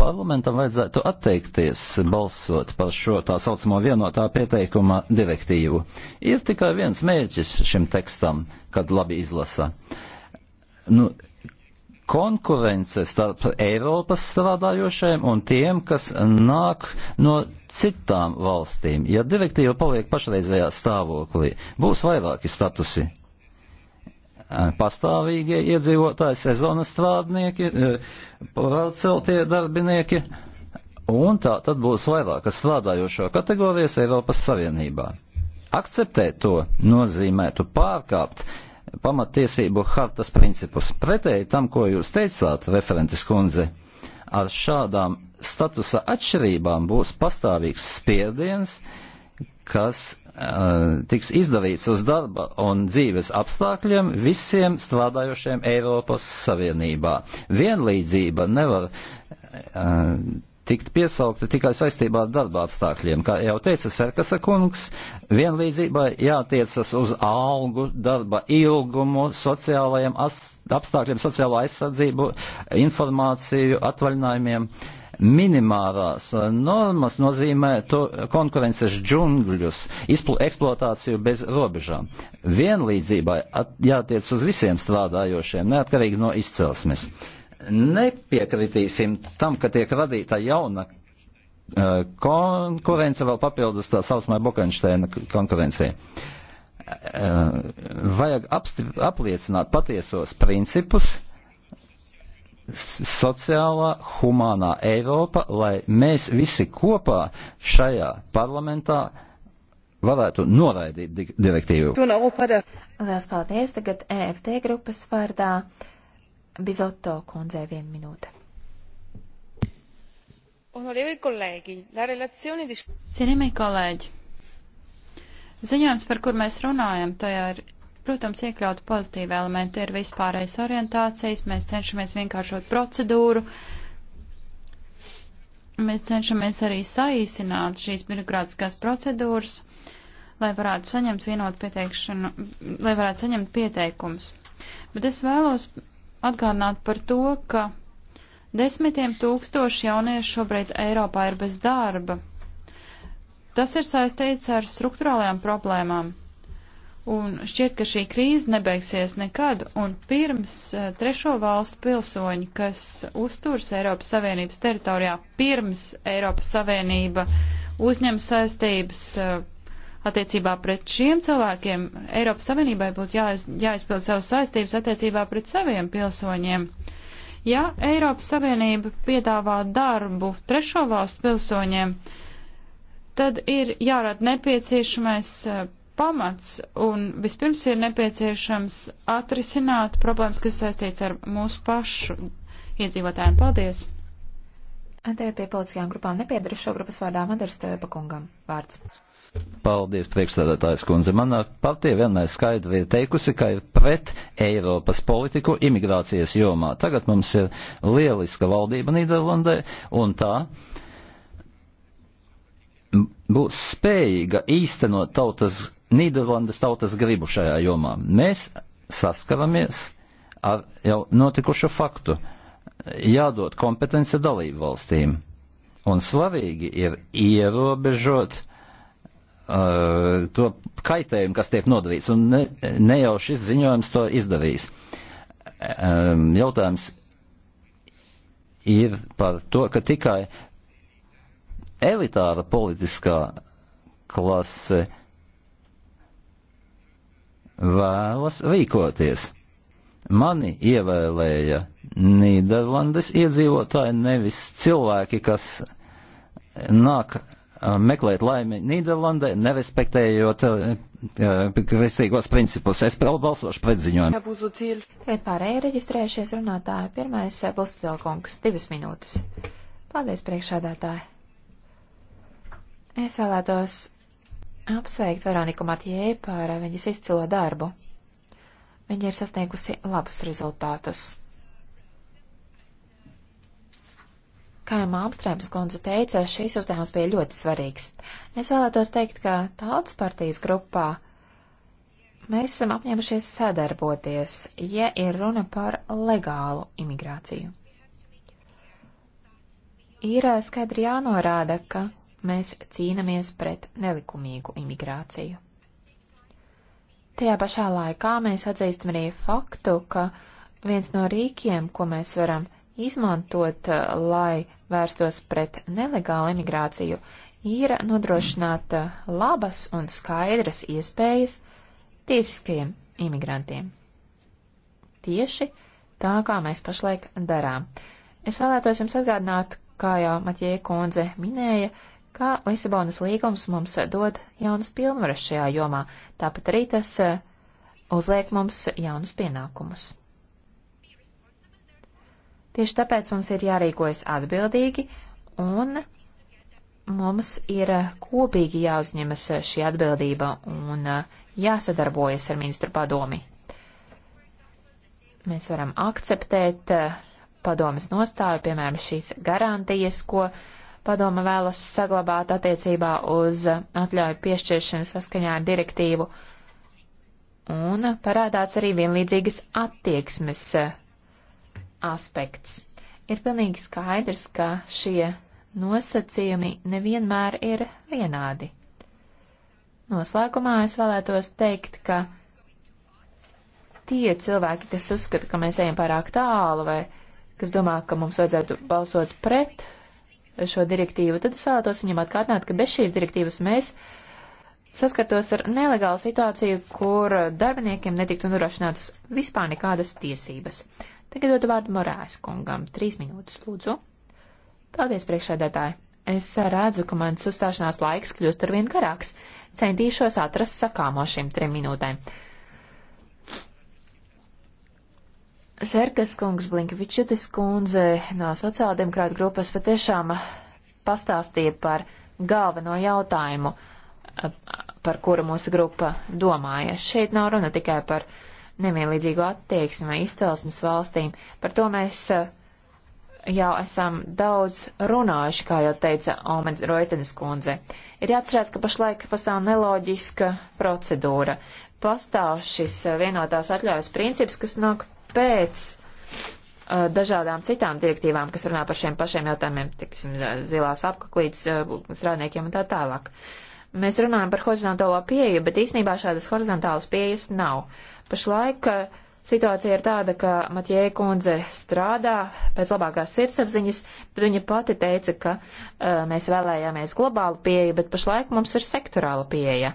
Parlamentam vajadzētu atteikties balsot par šo tā saucamo vienotā pieteikuma direktīvu. Ir tikai viens mērķis šim tekstam, kad labi izlasa. Nu, konkurence starp Eiropas strādājošiem un tiem, kas nāk no citām valstīm. Ja direktīva paliek pašreizējā stāvoklī, būs vairāki statusi pastāvīgie iedzīvotāji, sezonas strādnieki, pārceltie darbinieki, un tā tad būs vairākas strādājošo kategorijas Eiropas Savienībā. Akceptēt to nozīmētu pārkāpt pamatiesību hartas principus. Pretēji tam, ko jūs teicāt, referentes kundze, ar šādām statusa atšķirībām būs pastāvīgs spiediens, kas uh, tiks izdarīts uz darba un dzīves apstākļiem visiem strādājošiem Eiropas Savienībā. Vienlīdzība nevar uh, tikt piesaukti tikai saistībā ar darba apstākļiem. Kā jau teica Serkasa kungs, vienlīdzībai jātiecas uz algu, darba ilgumu, sociālajiem apstākļiem, sociālo aizsardzību, informāciju, atvaļinājumiem. Minimārās eh, normas nozīmē to konkurences džungļus, eksploatāciju bez robežām. Vienlīdzībai jātiec uz visiem strādājošiem, neatkarīgi no izcelsmes nepiekritīsim tam, ka tiek radīta jauna uh, konkurence vēl papildus tā saucamai Bokensteina konkurencija. Uh, vajag apstip, apliecināt patiesos principus sociālā, humānā Eiropa, lai mēs visi kopā šajā parlamentā varētu noraidīt direktīvu. Lielas paldies tagad EFT grupas vārdā. Uh, Bizotto kundzei viena minūte. Onorevoli kolēģi, la relazione di... Cienījamie kolēģi, ziņojums, par kur mēs runājam, tajā ir, protams, iekļauti pozitīvi elementi, ir vispārējais orientācijas, mēs cenšamies vienkāršot procedūru, mēs cenšamies arī saīsināt šīs birokrātiskās procedūras, lai varētu saņemt vienotu pieteikšanu, lai varētu saņemt pieteikumus. Bet es vēlos atgādināt par to, ka desmitiem tūkstoši jauniešu šobrīd Eiropā ir bez darba. Tas ir saistīts ar struktūrālajām problēmām. Un šķiet, ka šī krīze nebeigsies nekad, un pirms eh, trešo valstu pilsoņi, kas uzturs Eiropas Savienības teritorijā, pirms Eiropas Savienība uzņem saistības eh, attiecībā pret šiem cilvēkiem Eiropas Savienībai būtu jāiz, jāizpild savas saistības attiecībā pret saviem pilsoņiem. Ja Eiropas Savienība piedāvā darbu trešo valstu pilsoņiem, tad ir jārada nepieciešamais eh, pamats un vispirms ir nepieciešams atrisināt problēmas, kas saistīts ar mūsu pašu iedzīvotājiem. Paldies! Tagad pie politiskajām grupām nepiedaru šo grupas vārdā Madaras Tēpa kungam. Vārds. Paldies, priekšstādātājs kundze. Manā partija vienmēr skaidri ir teikusi, ka ir pret Eiropas politiku imigrācijas jomā. Tagad mums ir lieliska valdība Nīderlandē un tā būs spējīga īstenot tautas, Nīderlandes tautas gribu šajā jomā. Mēs saskaramies ar jau notikušu faktu jādod kompetence dalību valstīm. Un svarīgi ir ierobežot uh, to kaitējumu, kas tiek nodarīts, un ne, ne jau šis ziņojums to izdarīs. Um, jautājums ir par to, ka tikai elitāra politiskā klase vēlas rīkoties. Mani ievēlēja Nīderlandes iedzīvotāji, nevis cilvēki, kas nāk meklēt laimi Nīderlandē, nerespektējot uh, kristīgos principus. Es balsošu pret ziņojumu. Tagad pārējie reģistrējušies runātāji. Pirmais būs Tilkungs, divas minūtes. Paldies, priekšādātāji. Es vēlētos apsveikt Veroniku Matjē par viņas izcilo darbu. Viņa ir sasniegusi labus rezultātus. Kā jau Māmstrēms kundze teica, šīs uzdevums bija ļoti svarīgs. Es vēlētos teikt, ka tautas partijas grupā mēs esam apņēmušies sadarboties, ja ir runa par legālu imigrāciju. Ir eh, skaidri jānorāda, ka mēs cīnamies pret nelikumīgu imigrāciju. Tajā pašā laikā mēs atzīstam arī faktu, ka viens no rīkiem, ko mēs varam izmantot, eh, lai vērstos pret nelegālu imigrāciju, ir nodrošināt eh, labas un skaidras iespējas tiesiskajiem imigrantiem. Tieši tā, kā mēs pašlaik darām. Es vēlētos jums atgādināt, kā jau Matjē Kundze minēja, ka Lisabonas līgums mums dod jaunas pilnvaras šajā jomā, tāpat arī tas eh, uzliek mums jaunus pienākumus. Tieši tāpēc mums ir jārīkojas atbildīgi un mums ir kopīgi jāuzņemas šī atbildība un uh, jāsadarbojas ar ministru padomi. Mēs varam akceptēt uh, padomas nostāju, piemēram, šīs garantijas, ko padoma vēlas saglabāt attiecībā uz atļauju piešķiršanu saskaņā ar direktīvu. Un parādās arī vienlīdzīgas attieksmes uh, aspekts. Ir pilnīgi skaidrs, ka šie nosacījumi nevienmēr ir vienādi. Noslēgumā es vēlētos teikt, ka tie cilvēki, kas uzskata, ka mēs ejam pārāk tālu vai kas domā, ka mums vajadzētu balsot pret šo direktīvu, tad es vēlētos viņam atkārtināt, ka bez šīs direktīvas mēs saskartos ar nelegālu situāciju, kur darbiniekiem netiktu nodrošinātas vispār nekādas tiesības. Tagad dodu vārdu Morājas kungam. Trīs minūtes, lūdzu. Paldies, priekšsēdētāji. Es redzu, ka mans uzstāšanās laiks kļūst arvien garāks. Centīšos atrast sakāmo šīm trim minūtēm. Serkas kungs, Blinkvičetis kundze no sociāldemokrāta grupas patiešām pastāstīja par galveno jautājumu, par kuru mūsu grupa domāja. Šeit nav runa tikai par uh, nevienlīdzīgu attieksmi izcelsmes valstīm. Par to mēs eh, jau esam daudz runājuši, kā jau teica Almens Roitenes kundze. Ir jāatcerās, ka pašlaik pastāv neloģiska procedūra. Pastāv šis eh, vienotās atļaujas princips, kas nāk pēc eh, dažādām citām direktīvām, kas runā par šiem pašiem jautājumiem, tiksim, zilās apaklītes strādniekiem un tā tālāk. Mēs runājam par horizontālo pieeju, bet īsnībā šādas horizontālas pieejas nav. Pašlaik eh, situācija ir tāda, ka Matjē kundze strādā pēc labākās sirdsapziņas, bet viņa pati teica, ka uh, mēs vēlējāmies globālu pieeju, bet pašlaik mums ir sektorāla pieeja.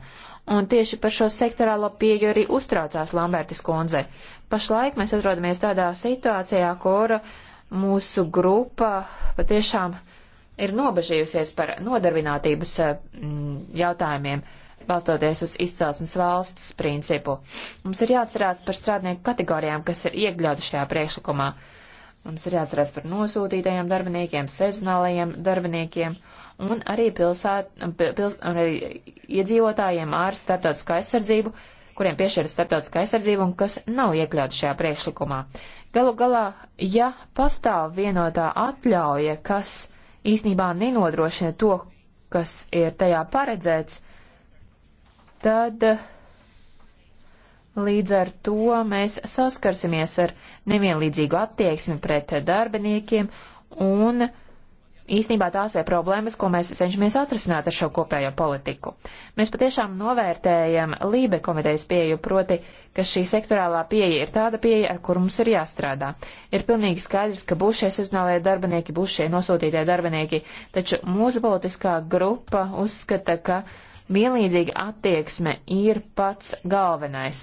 Un tieši par šo sektorālo pieeju arī uztraucās Lambertis kundze. Pašlaik mēs atrodamies tādā situācijā, kur mūsu grupa patiešām ir nobežījusies par nodarbinātības eh, jautājumiem. Uh, balstoties uz izcelsmes valsts principu. Mums ir jāatcerās par strādnieku kategorijām, kas ir iekļautas šajā priekšlikumā. Mums ir jāatcerās par nosūtītajiem darbiniekiem, sezonālajiem darbiniekiem un arī, pilsēt, pils, un arī iedzīvotājiem ar starptautisku aizsardzību, kuriem piešķiras starptautiskā aizsardzība un kas nav iekļauts šajā priekšlikumā. Galu galā, ja pastāv vienotā atļauja, kas īsnībā nenodrošina to, kas ir tajā paredzēts, tad līdz ar to mēs saskarsimies ar nevienlīdzīgu attieksmi pret darbiniekiem un īstenībā tās ir problēmas, ko mēs cenšamies atrisināt ar šo kopējo politiku. Mēs patiešām novērtējam Lībe komitejas pieju, proti, ka šī sektorālā pieeja ir tāda pieeja, ar kur mums ir jāstrādā. Ir pilnīgi skaidrs, ka būs šie sezonālie darbinieki, būs šie nosūtītie darbinieki, taču mūsu politiskā grupa uzskata, ka vienlīdzīga attieksme ir pats galvenais.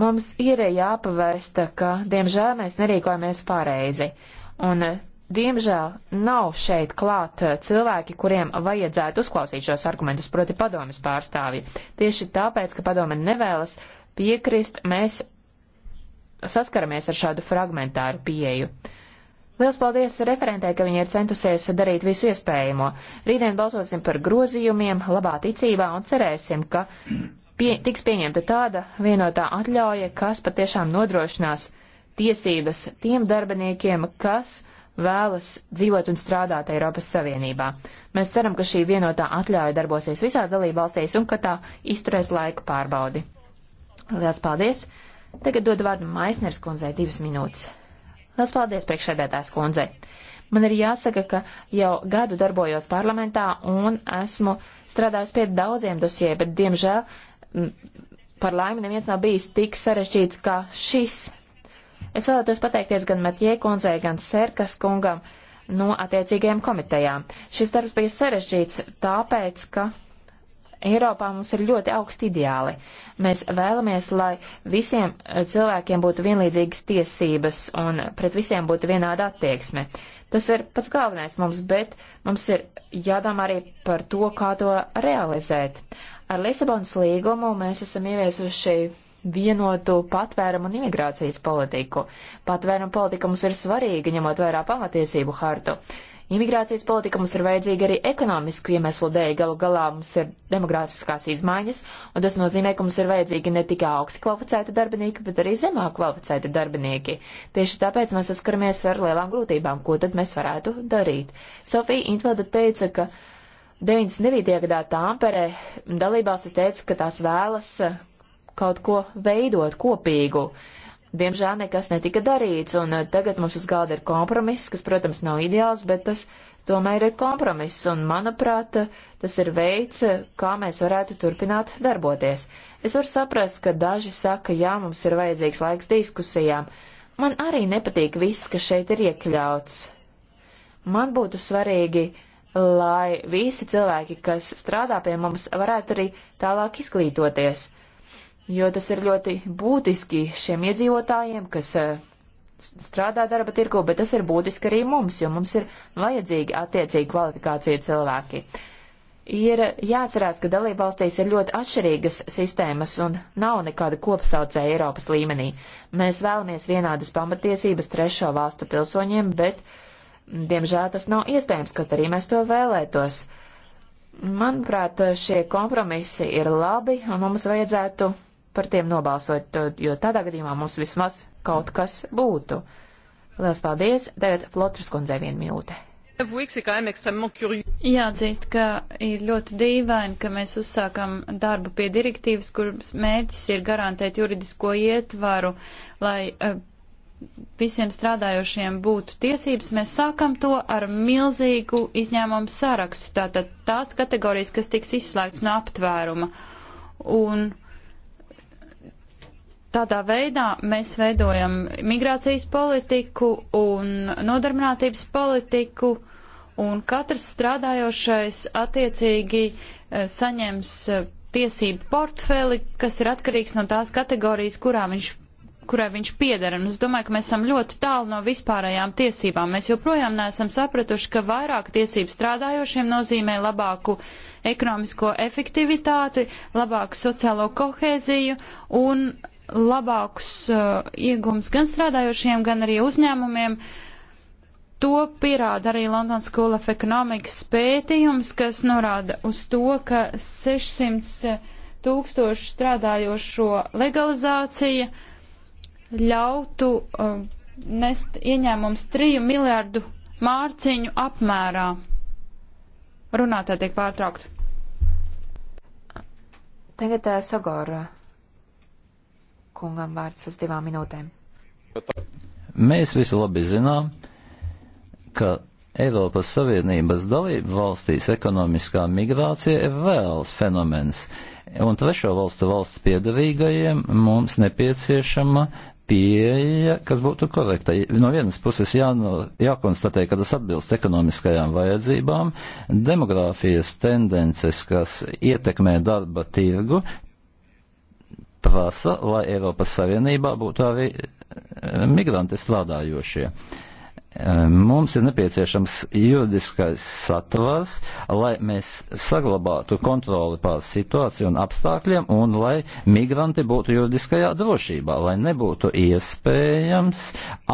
Mums ir jāpavēsta, ka, diemžēl, mēs nerīkojamies pareizi. Un, diemžēl, nav šeit klāt eh, cilvēki, kuriem vajadzētu uzklausīt šos argumentus, proti padomas pārstāvji. Tieši tāpēc, ka padome nevēlas piekrist, mēs saskaramies ar šādu fragmentāru pieeju. Uh, Liels paldies referentē, ka viņa ir centusies darīt visu iespējamo. Rītdien balsosim par grozījumiem, labā ticībā un cerēsim, ka pie, tiks pieņemta tāda vienotā atļauja, kas patiešām nodrošinās tiesības tiem darbiniekiem, kas vēlas dzīvot un strādāt Eiropas Savienībā. Mēs ceram, ka šī vienotā atļauja darbosies visās dalībvalstīs un ka tā izturēs laika pārbaudi. Lielas paldies! Tagad dodu vārdu Maisners kundzei divas minūtes. Lielas paldies priekšsēdētājs kundzei! Man ir jāsaka, ka jau gadu darbojos parlamentā un esmu strādājis pie daudziem dosiem, bet, diemžēl, par laimi neviens nav bijis tik sarežģīts kā šis. Es vēlētos pateikties gan Matjē kundzei, gan Serkas kungam no attiecīgajām komitejām. Šis darbs bija sarežģīts tāpēc, ka Eiropā mums ir ļoti augsti ideāli. Mēs vēlamies, lai visiem eh, cilvēkiem būtu vienlīdzīgas tiesības un pret visiem būtu vienāda attieksme. Tas ir pats galvenais mums, bet mums ir jādomā arī par to, kā to realizēt. Ar Lisabonas līgumu mēs esam ieviesuši vienotu patvērumu un imigrācijas politiku. Patvērumu politika mums ir svarīga, ņemot vērā pamatiesību hartu. Uh, imigrācijas politika mums ir vajadzīga arī ekonomisku iemeslu dēļ. Galu galā mums ir demografiskās izmaiņas, un tas nozīmē, ka mums ir vajadzīgi ne tikai augsti kvalificēti darbinieki, bet arī zemāk kvalificēti darbinieki. Tieši tāpēc mēs saskaramies ar lielām grūtībām, ko tad mēs varētu darīt. Sofija Intvelda teica, ka 99. gadā Tāmperē dalībvalstis teica, ka tās vēlas eh, kaut ko veidot kopīgu. Uh, Diemžēl nekas netika darīts, un uh, tagad mums uz galda ir kompromiss, kas, protams, nav ideāls, bet tas tomēr ir kompromiss, un, manuprāt, uh, tas ir veids, uh, kā mēs varētu turpināt darboties. Es varu saprast, ka daži saka, jā, mums ir vajadzīgs laiks diskusijām. Man arī nepatīk viss, kas šeit ir iekļauts. Man būtu svarīgi, lai visi cilvēki, kas strādā pie mums, varētu arī tālāk izglītoties jo tas ir ļoti būtiski šiem iedzīvotājiem, kas eh, strādā darba tirgu, bet tas ir būtiski arī mums, jo mums ir vajadzīgi attiecīgi kvalifikācija cilvēki. Ir jāatcerās, ka dalībvalstīs ir ļoti atšķirīgas sistēmas un nav nekāda kopsaucēja Eiropas līmenī. Mēs vēlamies vienādas pamatiesības trešo valstu pilsoņiem, bet, diemžēl, tas nav iespējams, kaut arī mēs to vēlētos. Manuprāt, šie kompromisi ir labi, un mums vajadzētu par tiem nobalsot, jo tādā gadījumā mums vismaz kaut kas būtu. Lielas paldies! Tagad Flotras kundzei vienu minūti. Jāatzīst, ka ir ļoti dīvaini, ka mēs uzsākam darbu pie direktīvas, kuras mērķis ir garantēt juridisko ietvaru, lai eh, visiem strādājošiem būtu tiesības, mēs sākam to ar milzīgu izņēmumu sarakstu. Tātad tās kategorijas, kas tiks izslēgts no aptvēruma. Un uh, Tādā veidā mēs veidojam migrācijas politiku un nodarbinātības politiku, un katrs strādājošais attiecīgi e, saņems e, tiesību portfeli, kas ir atkarīgs no tās kategorijas, kurā viņš kurai viņš piedara. Un es domāju, ka mēs esam ļoti tālu no vispārējām tiesībām. Mēs joprojām neesam sapratuši, ka vairāk tiesību strādājošiem nozīmē labāku ekonomisko efektivitāti, labāku sociālo kohēziju un labākus uh, iegums gan strādājošiem, gan arī uzņēmumiem. To pierāda arī London School of Economics pētījums, kas norāda uz to, ka 600 uh, tūkstošu strādājošo legalizācija ļautu uh, nest ieņēmums 3 miljardu mārciņu apmērā. Runātā tiek pārtraukta. Tagad tā uh, Sagora kungam vārds uz divām minūtēm. Mēs visi labi zinām, ka Eiropas Savienības dalību valstīs ekonomiskā migrācija ir vēls fenomens, un trešo valstu valsts piedarīgajiem mums nepieciešama pieeja, kas būtu korekta. No vienas puses jāno, jākonstatē, ka tas atbilst ekonomiskajām vajadzībām, demogrāfijas tendences, kas ietekmē darba tirgu, prasa, lai Eiropas Savienībā būtu arī eh, migranti strādājošie. Eh, mums ir nepieciešams juridiskais satvars, lai mēs saglabātu kontroli pār situāciju un apstākļiem, un lai migranti būtu juridiskajā drošībā, lai nebūtu iespējams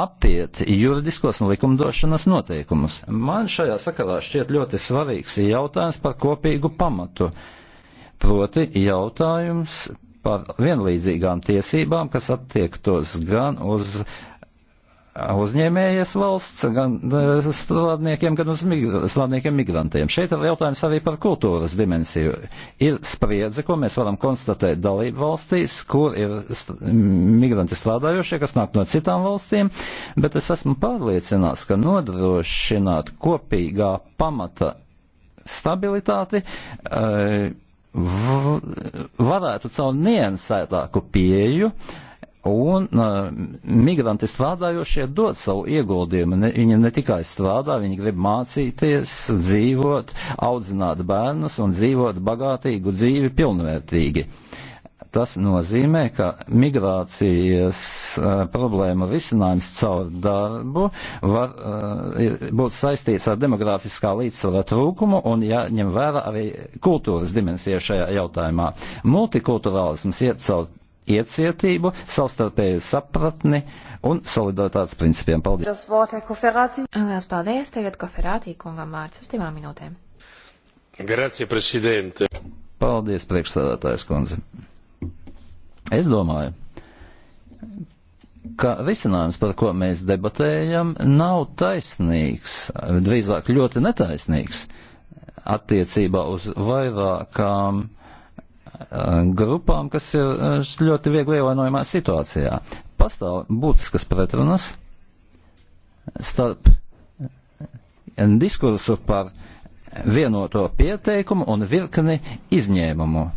apiet juridiskos un likumdošanas noteikumus. Man šajā sakarā šķiet ļoti svarīgs jautājums par kopīgu pamatu proti jautājums par vienlīdzīgām tiesībām, kas attiektos gan uz uzņēmējas valsts, gan eh, strādniekiem, gan uz migra strādniekiem migrantiem. Šeit ir jautājums arī par kultūras dimensiju. Ir spriedze, ko mēs varam konstatēt dalību valstīs, kur ir st migranti strādājošie, kas nāk no citām valstīm, bet es esmu pārliecināts, ka nodrošināt kopīgā pamata stabilitāti. Uh, varētu caur niansētāku pieju un uh, migranti strādājošie dod savu ieguldījumu. Ne, viņi ne tikai strādā, viņi grib mācīties, dzīvot, audzināt bērnus un dzīvot bagātīgu dzīvi pilnvērtīgi. Tas nozīmē, ka migrācijas uh, problēma risinājums caur darbu var uh, būt saistīts ar demografiskā līdzsvara trūkumu un jāņem ja vērā arī kultūras dimensija šajā jautājumā. Multikulturālisms iet caur iecietību, savstarpēju sapratni un solidaritātes principiem. Paldies! Lielas paldies! Tagad koferātī kungam vārds uz divām minūtēm. Grazie, prezidente! Paldies, priekšstādātājs kundze! Es domāju, ka risinājums, par ko mēs debatējam, nav taisnīgs, drīzāk ļoti netaisnīgs attiecībā uz vairākām eh, grupām, kas ir eh, ļoti viegli ievainojumā situācijā. Pastāv būtiskas pretrunas starp eh, diskursu par vienoto pieteikumu un virkni izņēmumu.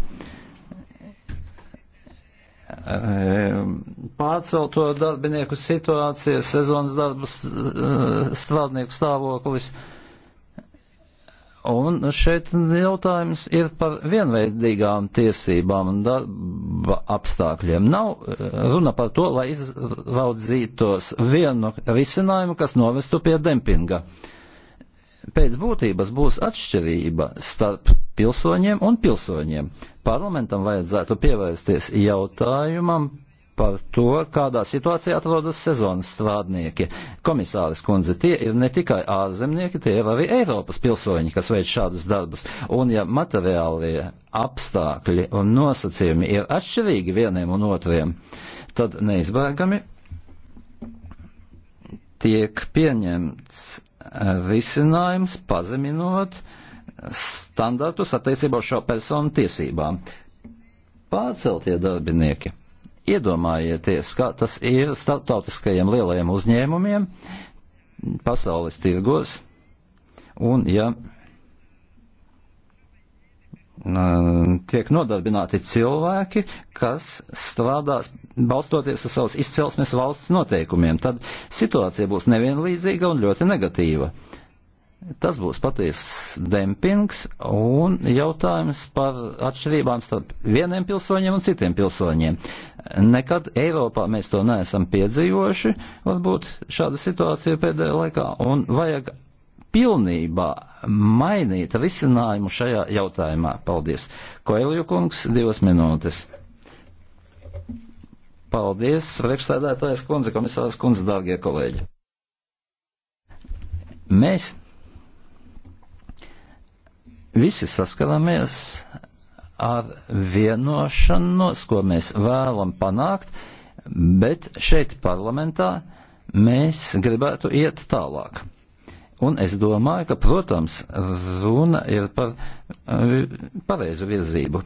Ehm, pārcelto darbinieku situācija, sezonas darbas eh, strādnieku stāvoklis. Un šeit jautājums ir par vienveidīgām tiesībām un darba apstākļiem. Nav eh, runa par to, lai izraudzītos vienu risinājumu, kas novestu pie dempinga. Pēc būtības būs atšķirība starp pilsoņiem un pilsoņiem. Parlamentam vajadzētu pievērsties jautājumam par to, kādā situācijā atrodas sezonas strādnieki. Komisāris kundze, tie ir ne tikai ārzemnieki, tie ir arī Eiropas pilsoņi, kas veic šādus darbus. Un ja materiālie apstākļi un nosacījumi ir atšķirīgi vieniem un otriem, tad neizbēgami tiek pieņemts risinājums pazeminot standartus attiecībā uz šo personu tiesībām. Pārceltie darbinieki, iedomājieties, kā tas ir starptautiskajiem lielajiem uzņēmumiem pasaules tirgos, un ja tiek nodarbināti cilvēki, kas strādās balstoties uz savas izcelsmes valsts noteikumiem, tad situācija būs nevienlīdzīga un ļoti negatīva. Uh, Tas būs patiesas dempings un jautājums par atšķirībām starp vieniem pilsoņiem un citiem pilsoņiem. Nekad Eiropā mēs to neesam piedzīvojuši, varbūt šāda situācija pēdējā laikā, un vajag pilnībā mainīt risinājumu šajā jautājumā. Paldies. Koelju kungs, divas minūtes. Paldies, priekšstādātājs kundze, komisārs kundze, dārgie kolēģi. Mēs visi saskaramies ar vienošanos, ko mēs vēlam panākt, bet šeit parlamentā mēs gribētu iet tālāk. Un es domāju, ka, protams, runa ir par eh, pareizu virzību.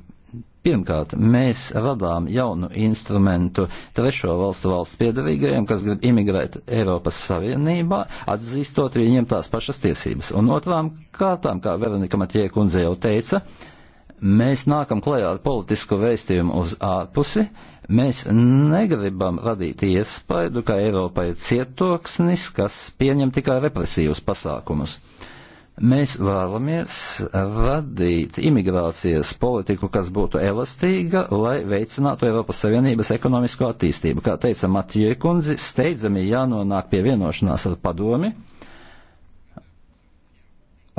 Pirmkārt, mēs radām jaunu instrumentu trešo valstu valsts piedarīgajiem, kas grib imigrēt Eiropas Savienībā, atzīstot viņiem tās pašas tiesības. Un otrām kārtām, kā Veronika Matie kundze jau teica, mēs nākam klajā ar politisku vēstījumu uz ārpusi, Mēs negribam radīt iespaidu, ka Eiropa ir cietoksnis, kas pieņem tikai represīvus pasākumus. Mēs vēlamies vadīt imigrācijas politiku, kas būtu elastīga, lai veicinātu Eiropas Savienības ekonomisko attīstību. Kā teica Matija Kundzi, steidzami jānonāk pie vienošanās ar padomi.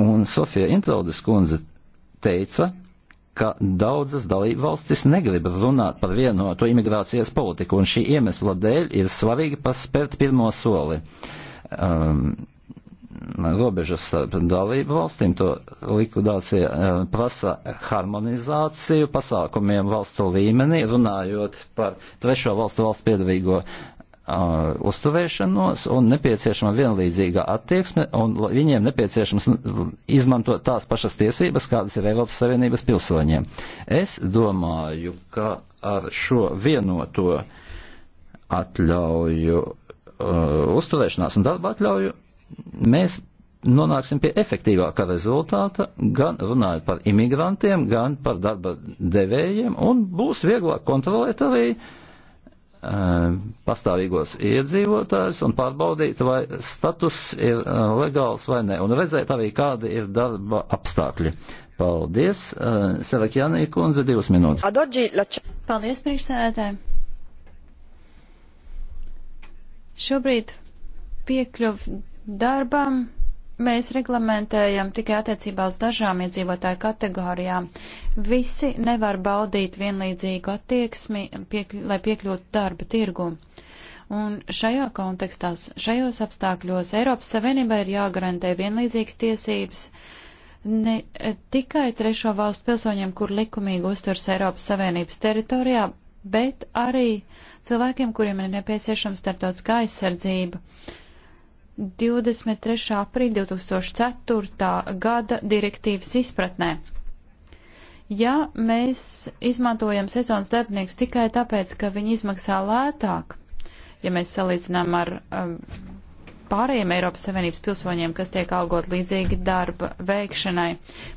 Un Sofija Intveldes kundze teica, ka daudzas dalību valstis negrib runāt par vienotu imigrācijas politiku, un šī iemesla dēļ ir svarīgi paspērt pirmo soli. Um, robežas starp dalību valstīm, to likvidācija eh, prasa harmonizāciju pasākumiem valstu līmenī, runājot par trešo valstu valsts piedarīgo Uh, eh, uzturēšanos un nepieciešama vienlīdzīga attieksme, un viņiem nepieciešams izmantot tās pašas tiesības, kādas ir Eiropas Savienības pilsoņiem. Es domāju, ka ar šo vienoto atļauju, uh, uzturēšanās un darba atļauju mēs nonāksim pie efektīvāka rezultāta, gan runājot par imigrantiem, gan par darba devējiem, un būs vieglāk kontrolēt arī uh, pastāvīgos iedzīvotājus un pārbaudīt, vai status ir uh, legāls vai ne, un redzēt arī, kādi ir darba apstākļi. Paldies, uh, eh, Serakjanī kundze, divas minūtes. Paldies, priekšsēdētāji. Šobrīd piekļuvi darbam mēs reglamentējam tikai attiecībā uz dažām iedzīvotāju kategorijām. Visi nevar baudīt vienlīdzīgu attieksmi, piek lai piekļūtu darba tirgu. Un šajā kontekstā, šajos apstākļos Eiropas Savienībai ir jāgarantē vienlīdzīgas tiesības ne e, tikai trešo valstu pilsoņiem, kur likumīgi uzturs Eiropas Savienības teritorijā, bet arī cilvēkiem, kuriem ir nepieciešama starptautiskā aizsardzība. Uh, 23. aprīļa 2004. gada direktīvas izpratnē. Ja mēs izmantojam sezonas darbiniekus tikai tāpēc, ka viņi izmaksā lētāk, ja mēs salīdzinām ar um, pārējiem Eiropas Savienības pilsoņiem, kas tiek algot līdzīgi darba veikšanai,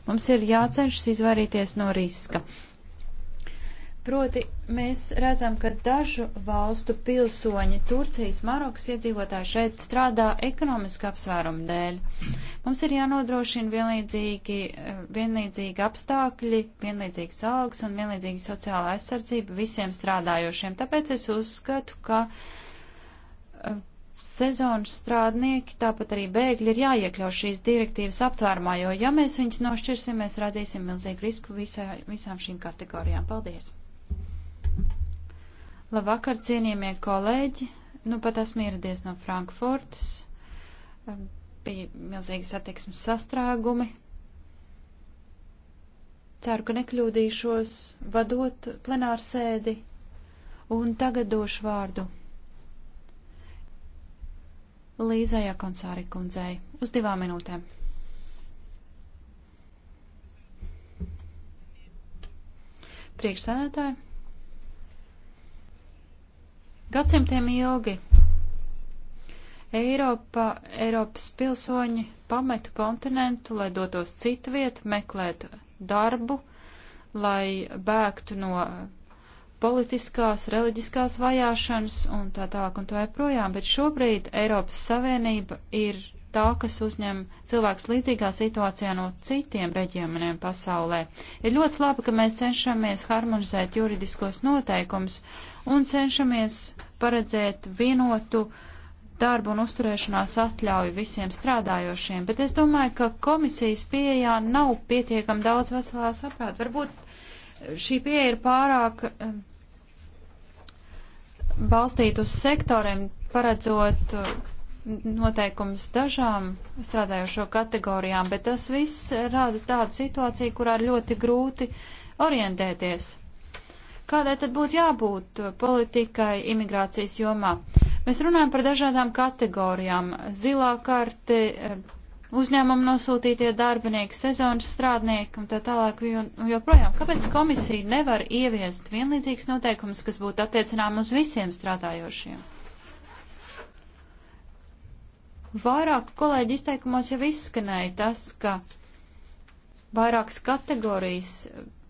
mums ir jācenšas izvairīties no riska. Proti mēs redzam, ka dažu valstu pilsoņi, Turcijas, Marokas iedzīvotāji šeit strādā ekonomiska apsvēruma dēļ. Mums ir jānodrošina vienlīdzīgi, eh, vienlīdzīgi apstākļi, vienlīdzīgas algas un vienlīdzīga sociāla aizsardzība visiem strādājošiem. Tāpēc es uzskatu, ka eh, sezonas strādnieki, tāpat arī bēgļi ir jāiekļau šīs direktīvas aptvērumā, jo ja mēs viņus nošķirsim, mēs radīsim milzīgu risku visā, visām šīm kategorijām. Paldies! Labvakar, cienījamie kolēģi! Nu, pat esmu ieradies no Frankfurtas. Bija milzīgi satiksmes sastrēgumi. Ceru, ka nekļūdīšos vadot plenārsēdi. Un tagad došu vārdu Līzai Akonsāri kundzei uz divām minūtēm. Priekšsēdētāji. Gadsimtiem ilgi Eiropa, Eiropas pilsoņi pameta kontinentu, lai dotos citu vietu, meklētu darbu, lai bēgtu no politiskās, reliģiskās vajāšanas un tā tālāk un tā joprojām, bet šobrīd Eiropas Savienība ir tā, kas uzņem cilvēks līdzīgā situācijā no citiem reģioniem pasaulē. Ir ļoti labi, ka mēs cenšamies harmonizēt juridiskos noteikumus un cenšamies paredzēt vienotu darbu un uzturēšanās atļauju visiem strādājošiem, bet es domāju, ka komisijas pieejā nav pietiekam daudz veselā saprāta. Varbūt šī pieeja ir pārāk eh, balstīta uz sektoriem, paredzot eh, noteikumus dažām strādājošo kategorijām, bet tas viss rada tādu situāciju, kurā ir ļoti grūti orientēties. Kādai tad būtu jābūt politikai imigrācijas jomā? Mēs runājam par dažādām kategorijām - zilā karte, uzņēmumu nosūtītie darbinieki, sezonas strādnieki un tā tālāk un joprojām. Kāpēc komisija nevar ieviest vienlīdzīgas noteikumus, kas būtu attiecinām uz visiem strādājošiem? Vairāk kolēģi izteikumos jau izskanēja tas, ka vairākas kategorijas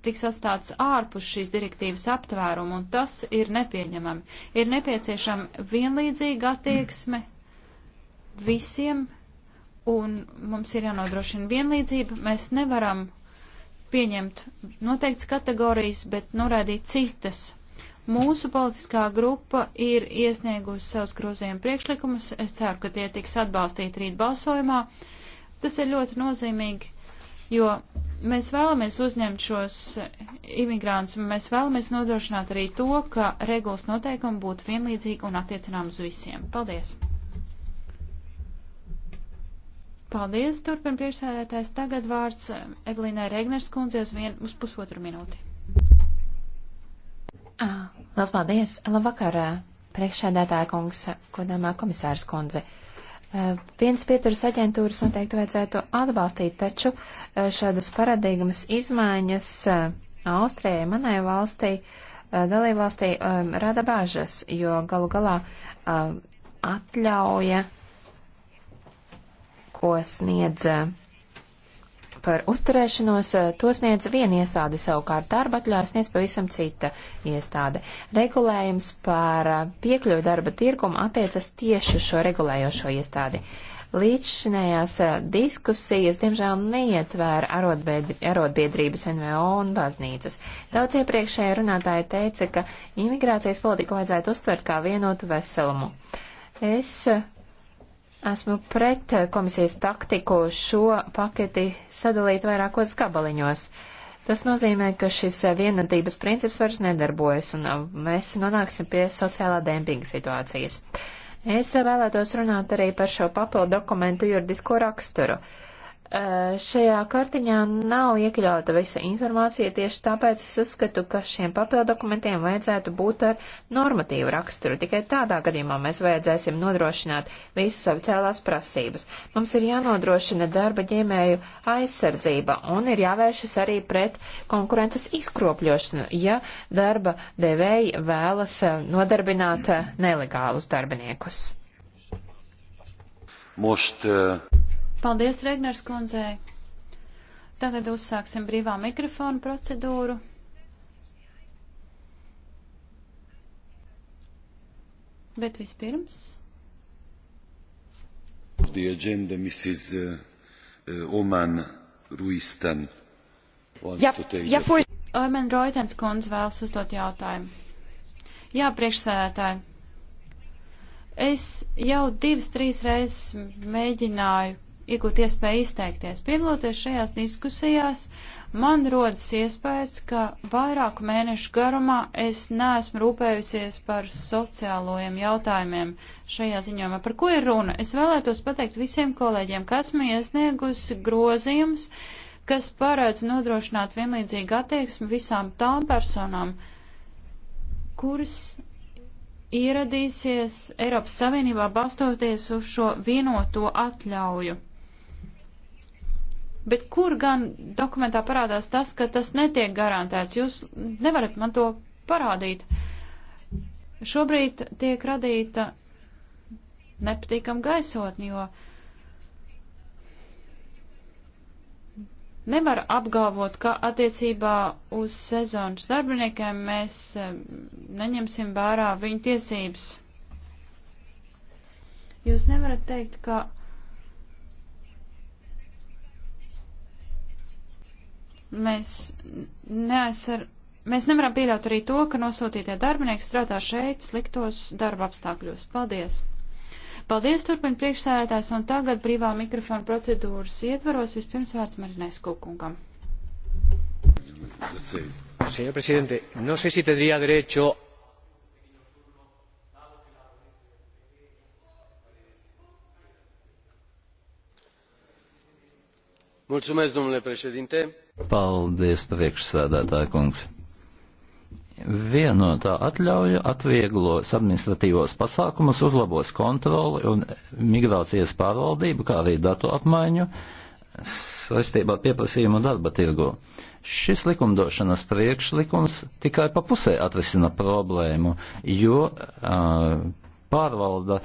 tiks atstāts ārpus šīs direktīvas aptvērumu, un tas ir nepieņemami. Ir nepieciešama vienlīdzīga attieksme visiem, un mums ir jānodrošina vienlīdzība. Mēs nevaram pieņemt noteikts kategorijas, bet noraidīt citas. Mūsu politiskā grupa ir iesniegusi savus grozījumu priekšlikumus. Es ceru, ka tie tiks atbalstīti rīt balsojumā. Tas ir ļoti nozīmīgi, jo mēs vēlamies uzņemt šos imigrantus, un mēs vēlamies nodrošināt arī to, ka regulas noteikumi būtu vienlīdzīgi un attiecinām uz visiem. Paldies! Paldies, turpin priekšsēdētājs. Tagad vārds um, Evelīnai Regners kundzei uz, vien, uz pusotru minūti. Ah. Lielas paldies! Labvakar, priekšsēdētāja kungs, kodāmā komisārs kundze. Eh, viens pieturas aģentūras noteikti vajadzētu atbalstīt, taču eh, šādas paradigmas izmaiņas eh, Austrijai, manai valstī, dalībvalstī rada bāžas, jo galu galā atļauja, ko sniedz par uzturēšanos, eh, to sniedz viena iestāde savukārt darba atļaujas sniedz pavisam cita iestāde. Regulējums par eh, piekļuvi darba tirkumu attiecas tieši uz šo regulējošo iestādi. Līdzšinējās eh, diskusijas, diemžēl, neietvēra arotbiedrības NVO un baznīcas. Daudz iepriekšēja runātāja teica, ka imigrācijas politiku vajadzētu uztvert kā vienotu veselumu. Es Esmu pret komisijas taktiku šo paketi sadalīt vairākos gabaliņos. Tas nozīmē, ka šis vienotības princips vairs nedarbojas un mēs nonāksim pie sociālā dempinga situācijas. Es vēlētos runāt arī par šo papildu dokumentu juridisko raksturu. Uh, Šajā kartiņā nav iekļauta visa informācija, tieši tāpēc es uzskatu, ka šiem papildokumentiem vajadzētu būt ar normatīvu raksturu. Tikai tādā gadījumā mēs vajadzēsim nodrošināt visas oficiālās prasības. Mums ir jānodrošina darba ņēmēju aizsardzība un ir jāvēršas arī pret konkurences izkropļošanu, ja darba devēji vēlas nodarbināt nelegālus darbiniekus. Most, uh... Paldies, Regners kundzei. Tagad uzsāksim brīvā mikrofonu procedūru. Bet vispirms. The agenda, Mrs. Uh, uh, Oman Ruistan. Ja, ja, for... Oman Roitens kundze vēlas uzdot jautājumu. Jā, priekšsēdētāji. Es jau divas, trīs reizes mēģināju iegūt iespēju izteikties. Piedaloties šajās diskusijās, man rodas iespējas, ka vairāku mēnešu garumā es neesmu rūpējusies par sociālojiem jautājumiem šajā ziņojumā. Par ko ir runa? Es vēlētos pateikt visiem kolēģiem, ka esmu iesniegusi grozījumus, kas paredz nodrošināt vienlīdzīgu attieksmi visām tām personām, kuras ieradīsies Eiropas Savienībā balstoties uz šo vienoto atļauju bet kur gan dokumentā parādās tas, ka tas netiek garantēts? Jūs nevarat man to parādīt. Šobrīd tiek radīta nepatīkam gaisotni, jo nevar apgalvot, ka attiecībā uz sezonas darbiniekiem mēs eh, neņemsim vērā viņu tiesības. Jūs nevarat teikt, ka Mēs, neaizsar, mēs nevaram pieļaut arī to, ka nosūtītie darbinieki strādā šeit sliktos darba apstākļos. Paldies! Paldies, turpina priekšsēdētājs, un tagad brīvā mikrofona procedūras ietvaros vispirms vārds Marinēs Kukungam. Señor presidente, no sé si tendría derecho domnule președinte Paldies, priekšsēdētāja kungs. Vienotā atļauja atvieglos administratīvos pasākumus, uzlabos kontroli un migrācijas pārvaldību, kā arī datu apmaiņu saistībā ar pieprasījumu darba tirgu. Šis likumdošanas priekšlikums tikai pa pusē atrisina problēmu, jo uh, pārvalda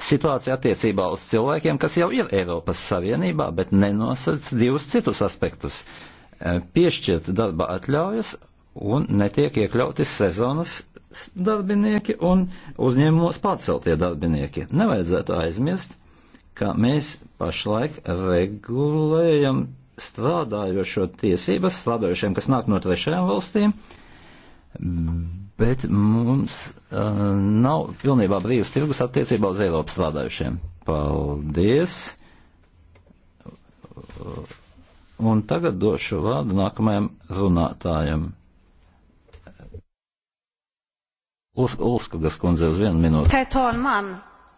situācija attiecībā uz cilvēkiem, kas jau ir Eiropas Savienībā, bet nenosac divus citus aspektus. Uh, Eh, piešķirt darba atļaujas un netiek iekļauti sezonas darbinieki un uzņēmumos pārceltie darbinieki. Nevajadzētu aizmirst, ka mēs pašlaik regulējam strādājošo tiesības strādājošiem, kas nāk no trešajām valstīm, bet mums uh, nav pilnībā brīvs tirgus attiecībā uz Eiropas strādājušiem. Paldies! Un tagad došu vārdu nākamajam runātājam. Ul Ulskagas kundze uz vienu minūti. Herr talman,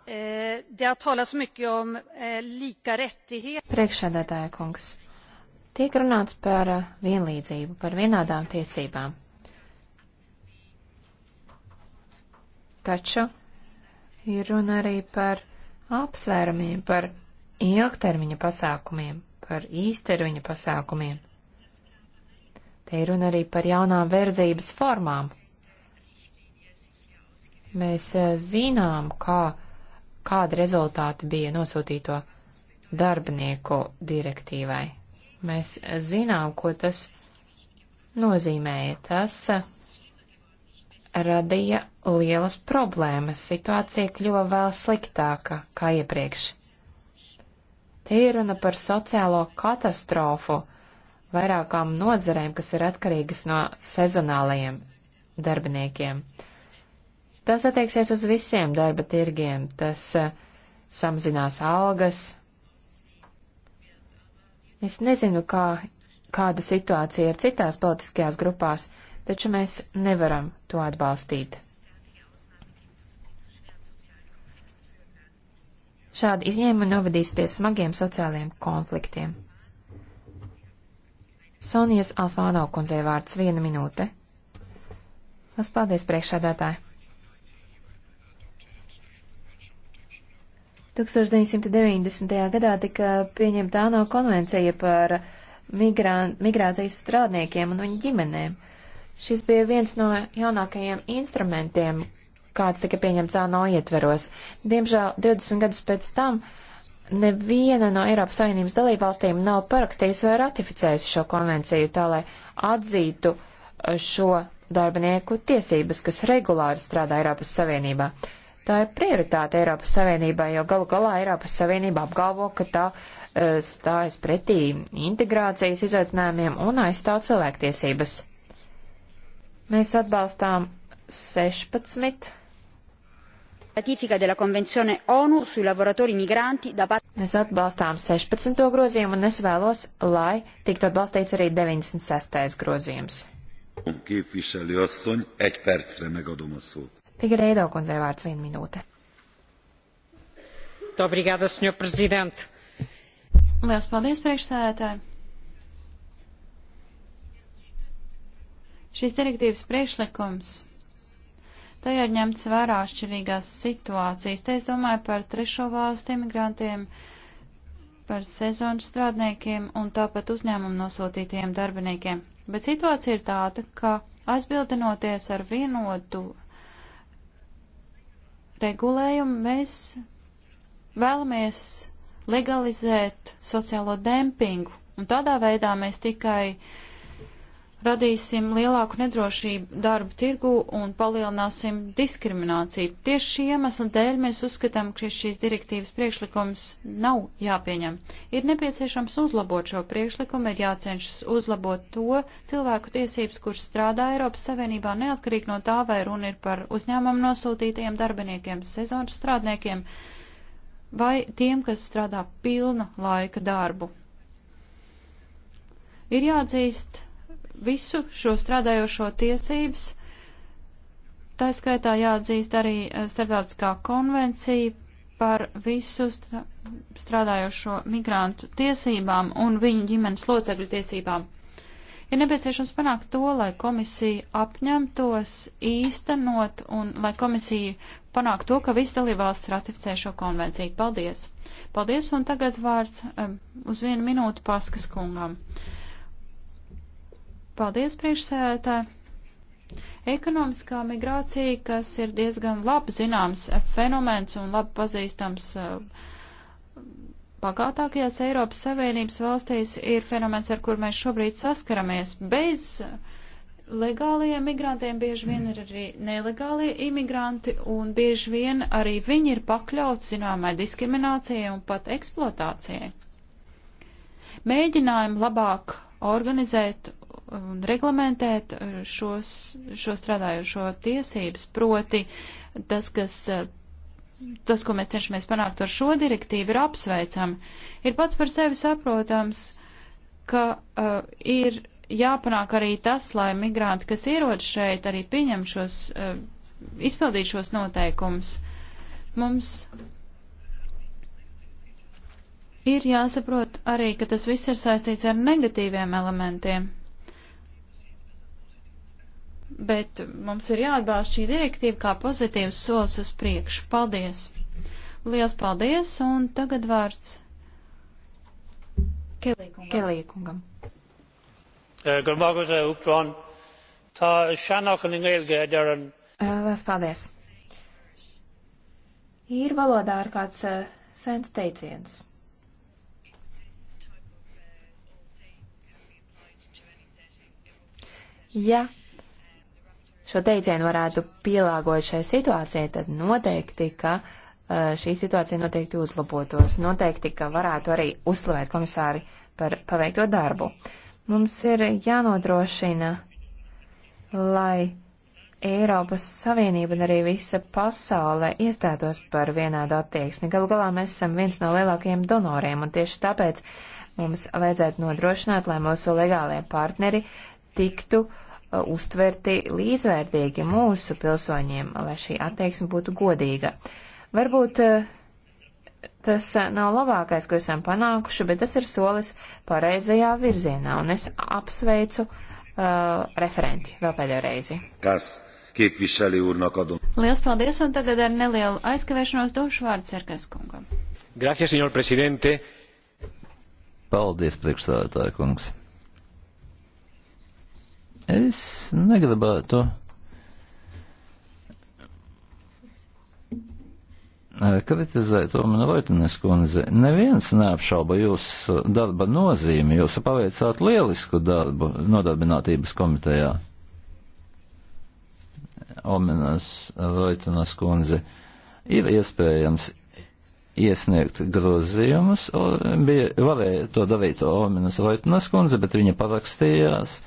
eh, det har talats mycket om eh, lika rättigheter. Priekšsēdētāja kungs, tiek runāts par eh, vienlīdzību, par vienādām tiesībām. Taču ir runa arī par apsvērumiem, par ilgtermiņa pasākumiem par īstermiņa pasākumiem. Te ir runa arī par jaunām verdzības formām. Mēs eh, zinām, kā, kāda rezultāti bija nosūtīto darbinieku direktīvai. Mēs eh, zinām, ko tas nozīmēja. Tas eh, radīja lielas problēmas. Situācija kļuva vēl sliktāka kā iepriekš. Te ir runa par sociālo katastrofu vairākām nozarēm, kas ir atkarīgas no sezonālajiem darbiniekiem. Tas attieksies uz visiem darba tirgiem, tas uh, samazinās algas. Es nezinu, kā, kāda situācija ir citās politiskajās grupās, taču mēs nevaram to atbalstīt. Šādi izņēmumi novadīs pie smagiem sociāliem konfliktiem. Sonijas Alfāno kundzei vārds viena minūte. Las paldies priekšādātāji. 1990. gadā tika pieņemta ANO konvencija par migrā, migrācijas strādniekiem un viņu ģimenēm. Šis bija viens no jaunākajiem instrumentiem, kāds tika pieņemts ANO ietveros. Diemžēl 20 gadus pēc tam neviena no Eiropas Savienības dalībvalstīm nav parakstījusi vai ratificējusi šo konvenciju tā, lai atzītu uh, šo darbinieku tiesības, kas regulāri strādā Eiropas Savienībā. Tā ir prioritāte Eiropas Savienībai, jo galu galā Eiropas Savienība apgalvo, ka tā uh, stājas pretī integrācijas izaicinājumiem un aizstāv cilvēktiesības. Mēs atbalstām 16 Ratifica della Convenzione ONU sui lavoratori migranti da parte. Mēs atbalstām 16. grozījumu un es vēlos, lai tiktu atbalstīts arī 96. grozījums. Képviselő asszony, egy percre megadom a szót. Figueiredo kundzei vārds viena minūte. Obrigada, senhor presidente. Lielas paldies, priekšstādātāji. Šis direktīvas priekšlikums Tajā ir ņemts vērā atšķirīgās situācijas. Te es domāju par trešo valstu imigrantiem, par sezonu strādniekiem un tāpat uzņēmumu nosūtītiem darbiniekiem. Bet situācija ir tāda, ka aizbildinoties ar vienotu regulējumu, mēs vēlamies legalizēt sociālo dempingu. Un tādā veidā mēs tikai uh, radīsim lielāku nedrošību darba tirgu un palielināsim diskrimināciju. Tieši šī iemesla dēļ mēs uzskatām, ka šīs direktīvas priekšlikums nav jāpieņem. Ir nepieciešams uzlabot šo priekšlikumu, ir jācenšas uzlabot to cilvēku tiesības, kurš strādā Eiropas Savienībā neatkarīgi no tā, vai runa ir par uzņēmumu nosūtītajiem darbiniekiem, sezonas strādniekiem vai tiem, kas strādā pilna laika darbu. Ir jāatzīst, visu šo strādājošo tiesības. Tā skaitā jāatzīst arī eh, starptautiskā konvencija par visu strādājošo migrantu tiesībām un viņu ģimenes locekļu tiesībām. Ir nepieciešams panākt to, lai komisija apņemtos īstenot un lai komisija panāk to, ka visi dalībvalsts ratificē šo konvenciju. Paldies! Paldies, un tagad vārds um, uz vienu minūtu paskas kungam. Uh, Paldies, priekšsēdētāji! Ekonomiskā migrācija, kas ir diezgan labi zināms fenomens un labi pazīstams pagātākajās eh, Eiropas Savienības valstīs, ir fenomens, ar kur mēs šobrīd saskaramies. Bez legālajiem migrantiem bieži vien ir arī nelegālie imigranti, un bieži vien arī viņi ir pakļauti zināmai diskriminācijai un pat eksploatācijai. Mēģinājumi labāk organizēt un reglamentēt šos, šo strādājošo tiesības, proti tas, kas, tas, ko mēs cenšamies panākt ar šo direktīvu, ir apsveicam. Ir pats par sevi saprotams, ka uh, ir jāpanāk arī tas, lai migranti, kas ierod šeit, arī pieņem šos, uh, izpildīt šos noteikumus. Mums ir jāsaprot arī, ka tas viss ir saistīts ar negatīviem elementiem bet mums ir jāatbalsta šī direktīva kā pozitīvs solis uz priekšu. Paldies! Lielas paldies, un tagad vārds Kelīkungam. Eh, eh, Lielas paldies! Ir valodā ar kāds uh, sens teiciens. Ja šo teicienu varētu pielāgot šai situācijai, tad noteikti, ka šī situācija noteikti uzlabotos. Noteikti, ka varētu arī uzslavēt komisāri par paveikto darbu. Mums ir jānodrošina, lai Eiropas Savienība un arī visa pasaule iestātos par vienādu attieksmi. Galu galā mēs esam viens no lielākajiem donoriem, un tieši tāpēc mums vajadzētu nodrošināt, lai mūsu legālie partneri tiktu uh, uztverti līdzvērtīgi mūsu pilsoņiem, lai šī attieksme būtu godīga. Varbūt eh, tas nav labākais, ko esam panākuši, bet tas ir solis pareizajā virzienā, un es apsveicu uh, referenti vēl pēdējo reizi. Kas? képviselő úrnak adom. Liels paldies, un tagad ar nelielu aizkavēšanos došu vārdu Cerkas kungam. Gracias, señor presidente. Paldies, priekšstādātāja kungs. Es negribētu. Eh, kritizēt Romanu Vaitanes kundzi. Neviens neapšauba jūsu darba nozīmi, jūs paveicāt lielisku darbu nodarbinātības komitejā. Omenas Vaitanes kundzi ir iespējams iesniegt grozījumus, bija, varēja to darīt Omenas Vaitanes kundze, bet viņa parakstījās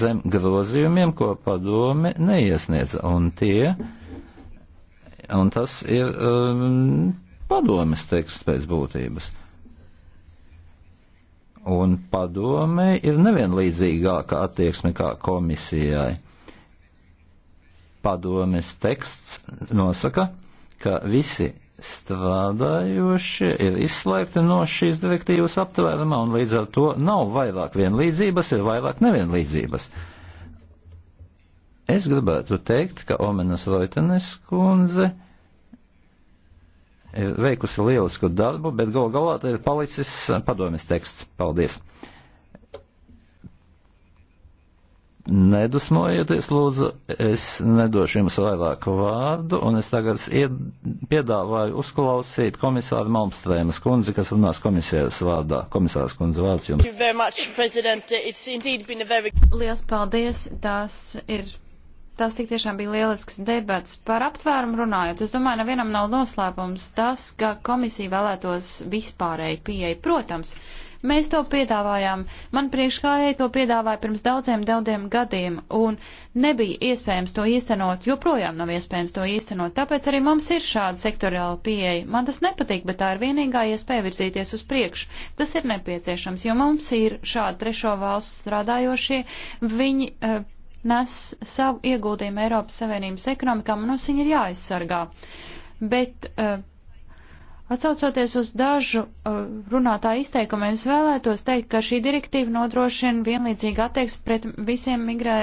zem grozījumiem, ko padome neiesniedza, un tie, un tas ir um, padomes teksts pēc būtības. Un padome ir nevienlīdzīgāka attieksme kā komisijai. Padomes teksts nosaka, ka visi strādājošie ir izslēgti no šīs direktīvas aptvērumā, un līdz ar to nav vairāk vienlīdzības, ir vairāk nevienlīdzības. Es gribētu teikt, ka Omenas Roitenes kundze ir veikusi lielisku darbu, bet gal galā tā ir palicis padomjas teksts. Paldies! Nedusmojieties, lūdzu, es nedošu jums vairāk vārdu, un es tagad ied, piedāvāju uzklausīt komisāru Malmstrēmas kundzi, kas runās komisijas vārdā. Komisārs kundze, vārds jums. Very... Lielas paldies, tās ir, tās tik tiešām bija lielisks debats. Par aptvērumu runājot, es domāju, nevienam nav noslēpums tas, ka komisija vēlētos vispārēji pieeja. Protams, uh, Mēs to piedāvājām. Man priekšgājēji to piedāvāja pirms daudziem, daudziem gadiem, un nebija iespējams to īstenot, joprojām nav iespējams to īstenot. Tāpēc arī mums ir šāda sektoriāla pieeja. Man tas nepatīk, bet tā ir vienīgā iespēja virzīties uz priekšu. Tas ir nepieciešams, jo mums ir šādi trešo valstu strādājošie. Viņi uh, nes savu ieguldījumu Eiropas Savienības ekonomikām, un mums viņi ir jāaizsargā. Bet uh, Atsaucoties uz dažu uh, runātāju izteikumiem, es vēlētos teikt, ka šī direktīva nodrošina vienlīdzīgu attieksmi pret visiem migrē,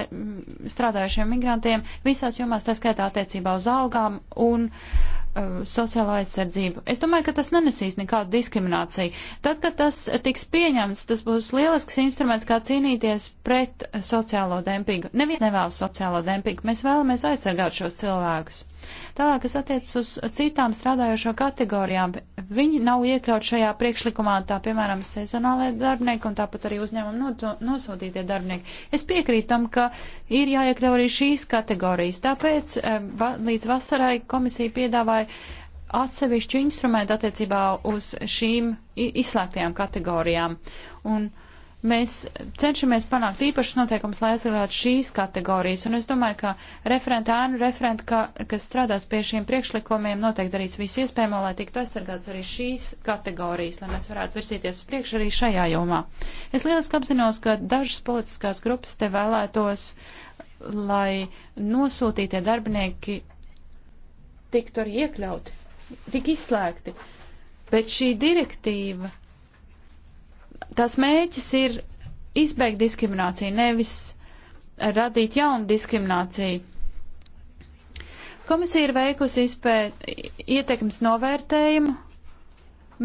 strādājušiem migrantiem visās jomās, tā skaitā attiecībā uz algām un uh, sociālo aizsardzību. Es domāju, ka tas nenesīs nekādu diskrimināciju. Tad, kad tas tiks pieņemts, tas būs lielisks instruments, kā cīnīties pret sociālo dempingu. Neviens nevēlas sociālo dempingu, mēs vēlamies aizsargāt šos cilvēkus. Uh, Tālāk, kas attiecas uz citām strādājošo kategorijām, viņi nav iekļaut šajā priekšlikumā, tā piemēram, sezonālai darbinieki un tāpat arī uzņēmumu nosūtītie darbinieki. Es piekrītu tam, ka ir jāiekļau arī šīs kategorijas. Tāpēc eh, va, līdz vasarai komisija piedāvāja atsevišķu instrumentu attiecībā uz šīm izslēgtajām kategorijām. Un Mēs cenšamies panākt īpašus noteikumus, lai aizsargātu šīs kategorijas, un es domāju, ka referenta ēnu referenta, ka, kas strādās pie šiem priekšlikumiem, noteikti darīs visu iespējamo, lai tiktu aizsargāts arī šīs kategorijas, lai mēs varētu virzīties uz priekšu arī šajā jomā. Es lieliski apzinos, ka dažas politiskās grupas te vēlētos, lai nosūtītie darbinieki tiktu arī iekļauti, tik izslēgti. Bet šī direktīva tās mēķis ir izbeigt diskrimināciju, nevis radīt jaunu diskrimināciju. Komisija ir veikusi izpēt, ietekmes novērtējumu.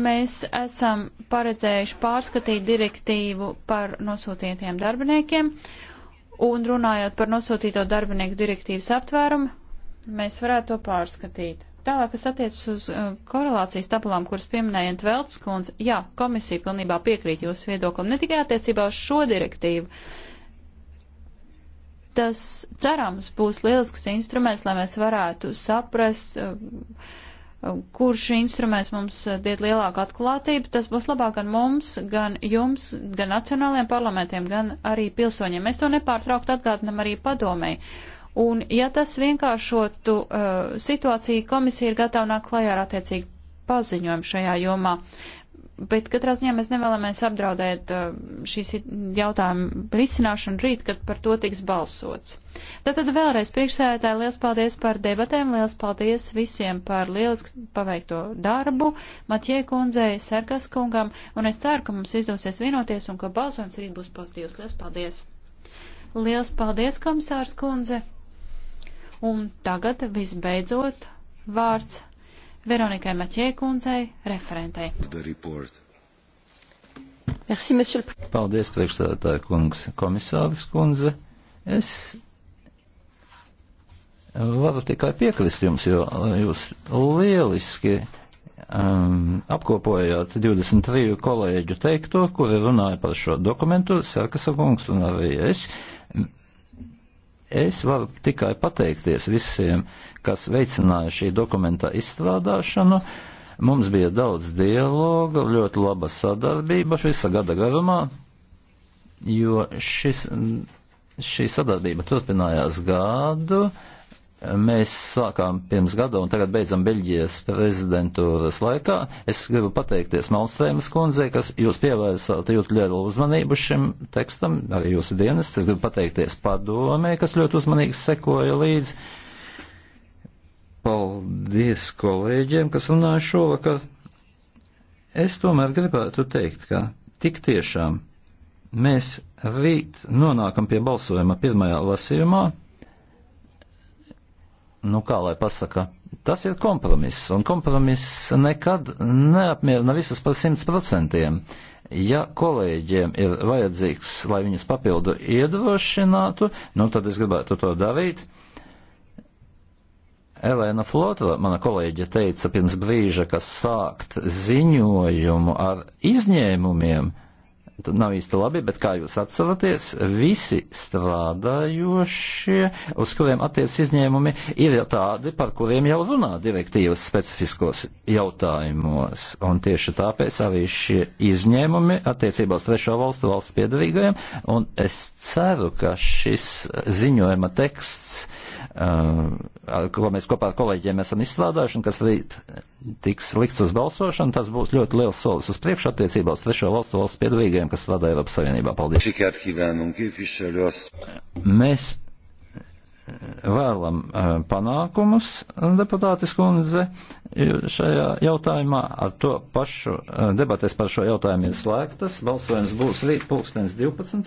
Mēs esam paredzējuši pārskatīt direktīvu par nosūtītiem darbiniekiem un runājot par nosūtīto darbinieku direktīvas aptvērumu, mēs varētu to pārskatīt. Tālāk, kas attiecas uz uh, korelācijas tabulām, kuras pieminējāt Veltskundze, jā, komisija pilnībā piekrīt jūsu viedoklim, ne tikai attiecībā uz šo direktīvu. Tas, cerams, būs lielisks instruments, lai mēs varētu saprast, uh, uh kurš instruments mums uh, diet lielāku atklātību, tas būs labāk gan mums, gan jums, gan nacionālajiem parlamentiem, gan arī pilsoņiem. Mēs to nepārtraukt atgādinam arī padomēji. Un ja tas vienkāršotu uh, situāciju, komisija ir gatava nākt klajā ar attiecīgu paziņojumu šajā jomā. Bet katrā ziņā mēs nevēlamies apdraudēt uh, šīs jautājumu risināšanu rīt, kad par to tiks balsots. Tātad vēlreiz priekšsēdētāji, liels paldies par debatēm, liels paldies visiem par lielisku paveikto darbu, Maķie kundzei, Serkas kungam, un es ceru, ka mums izdosies vienoties un ka balsojums rīt būs pozitīvs. Liels paldies! Liels paldies, komisārs kundze! Un tagad visbeidzot vārds Veronikai Maķē kundzei, referentei. Merci, monsieur... Paldies, priekšstādātāja kungs, komisāris kundze. Es varu tikai piekrist jums, jo jūs lieliski um, apkopojāt 23 kolēģu teikto, kuri runāja par šo dokumentu, Sarkasa kungs un arī es. Es varu tikai pateikties visiem, kas veicināja šī dokumenta izstrādāšanu. Mums bija daudz dialoga, ļoti laba sadarbība visa gada garumā, jo šis, šī sadarbība turpinājās gadu. Uh, Mēs sākām pirms gada un tagad beidzam Beļģijas prezidentūras laikā. Es gribu pateikties Malmstrēmas kundzei, kas jūs pievērsāt ļoti lielu uzmanību šim tekstam, arī jūsu dienas. Es gribu pateikties padomē, kas ļoti uzmanīgi sekoja līdzi. Paldies kolēģiem, kas runāja šovakar. Es tomēr gribētu teikt, ka tik tiešām mēs rīt nonākam pie balsojuma pirmajā lasījumā, nu kā lai pasaka, tas ir kompromiss, un kompromiss nekad neapmierina visus par simts procentiem. Ja kolēģiem ir vajadzīgs, lai viņus papildu iedrošinātu, nu tad es gribētu to darīt. Elēna Flotra, mana kolēģe, teica pirms brīža, ka sākt ziņojumu ar izņēmumiem nav īsti labi, bet kā jūs atceraties, visi strādājošie, uz kuriem attiec izņēmumi, ir jau tādi, par kuriem jau runā direktīvas specifiskos jautājumos. Un tieši tāpēc arī šie izņēmumi attiecībā uz trešo valstu valsts piedarīgajiem, un es ceru, ka šis ziņojuma teksts Uh, ko mēs kopā ar kolēģiem esam izstrādājuši un kas rīt tiks likts uz balsošanu, tas būs ļoti liels solis uz priekšu attiecībā uz trešo valstu valsts piedalīgajiem, kas strādā Eiropas Savienībā. Paldies! Mēs uh, vēlam uh, panākumus, deputātis kundze, šajā jautājumā ar to pašu debatēs par šo jautājumu ir slēgtas. Balsojums būs rīt pulkstens 12.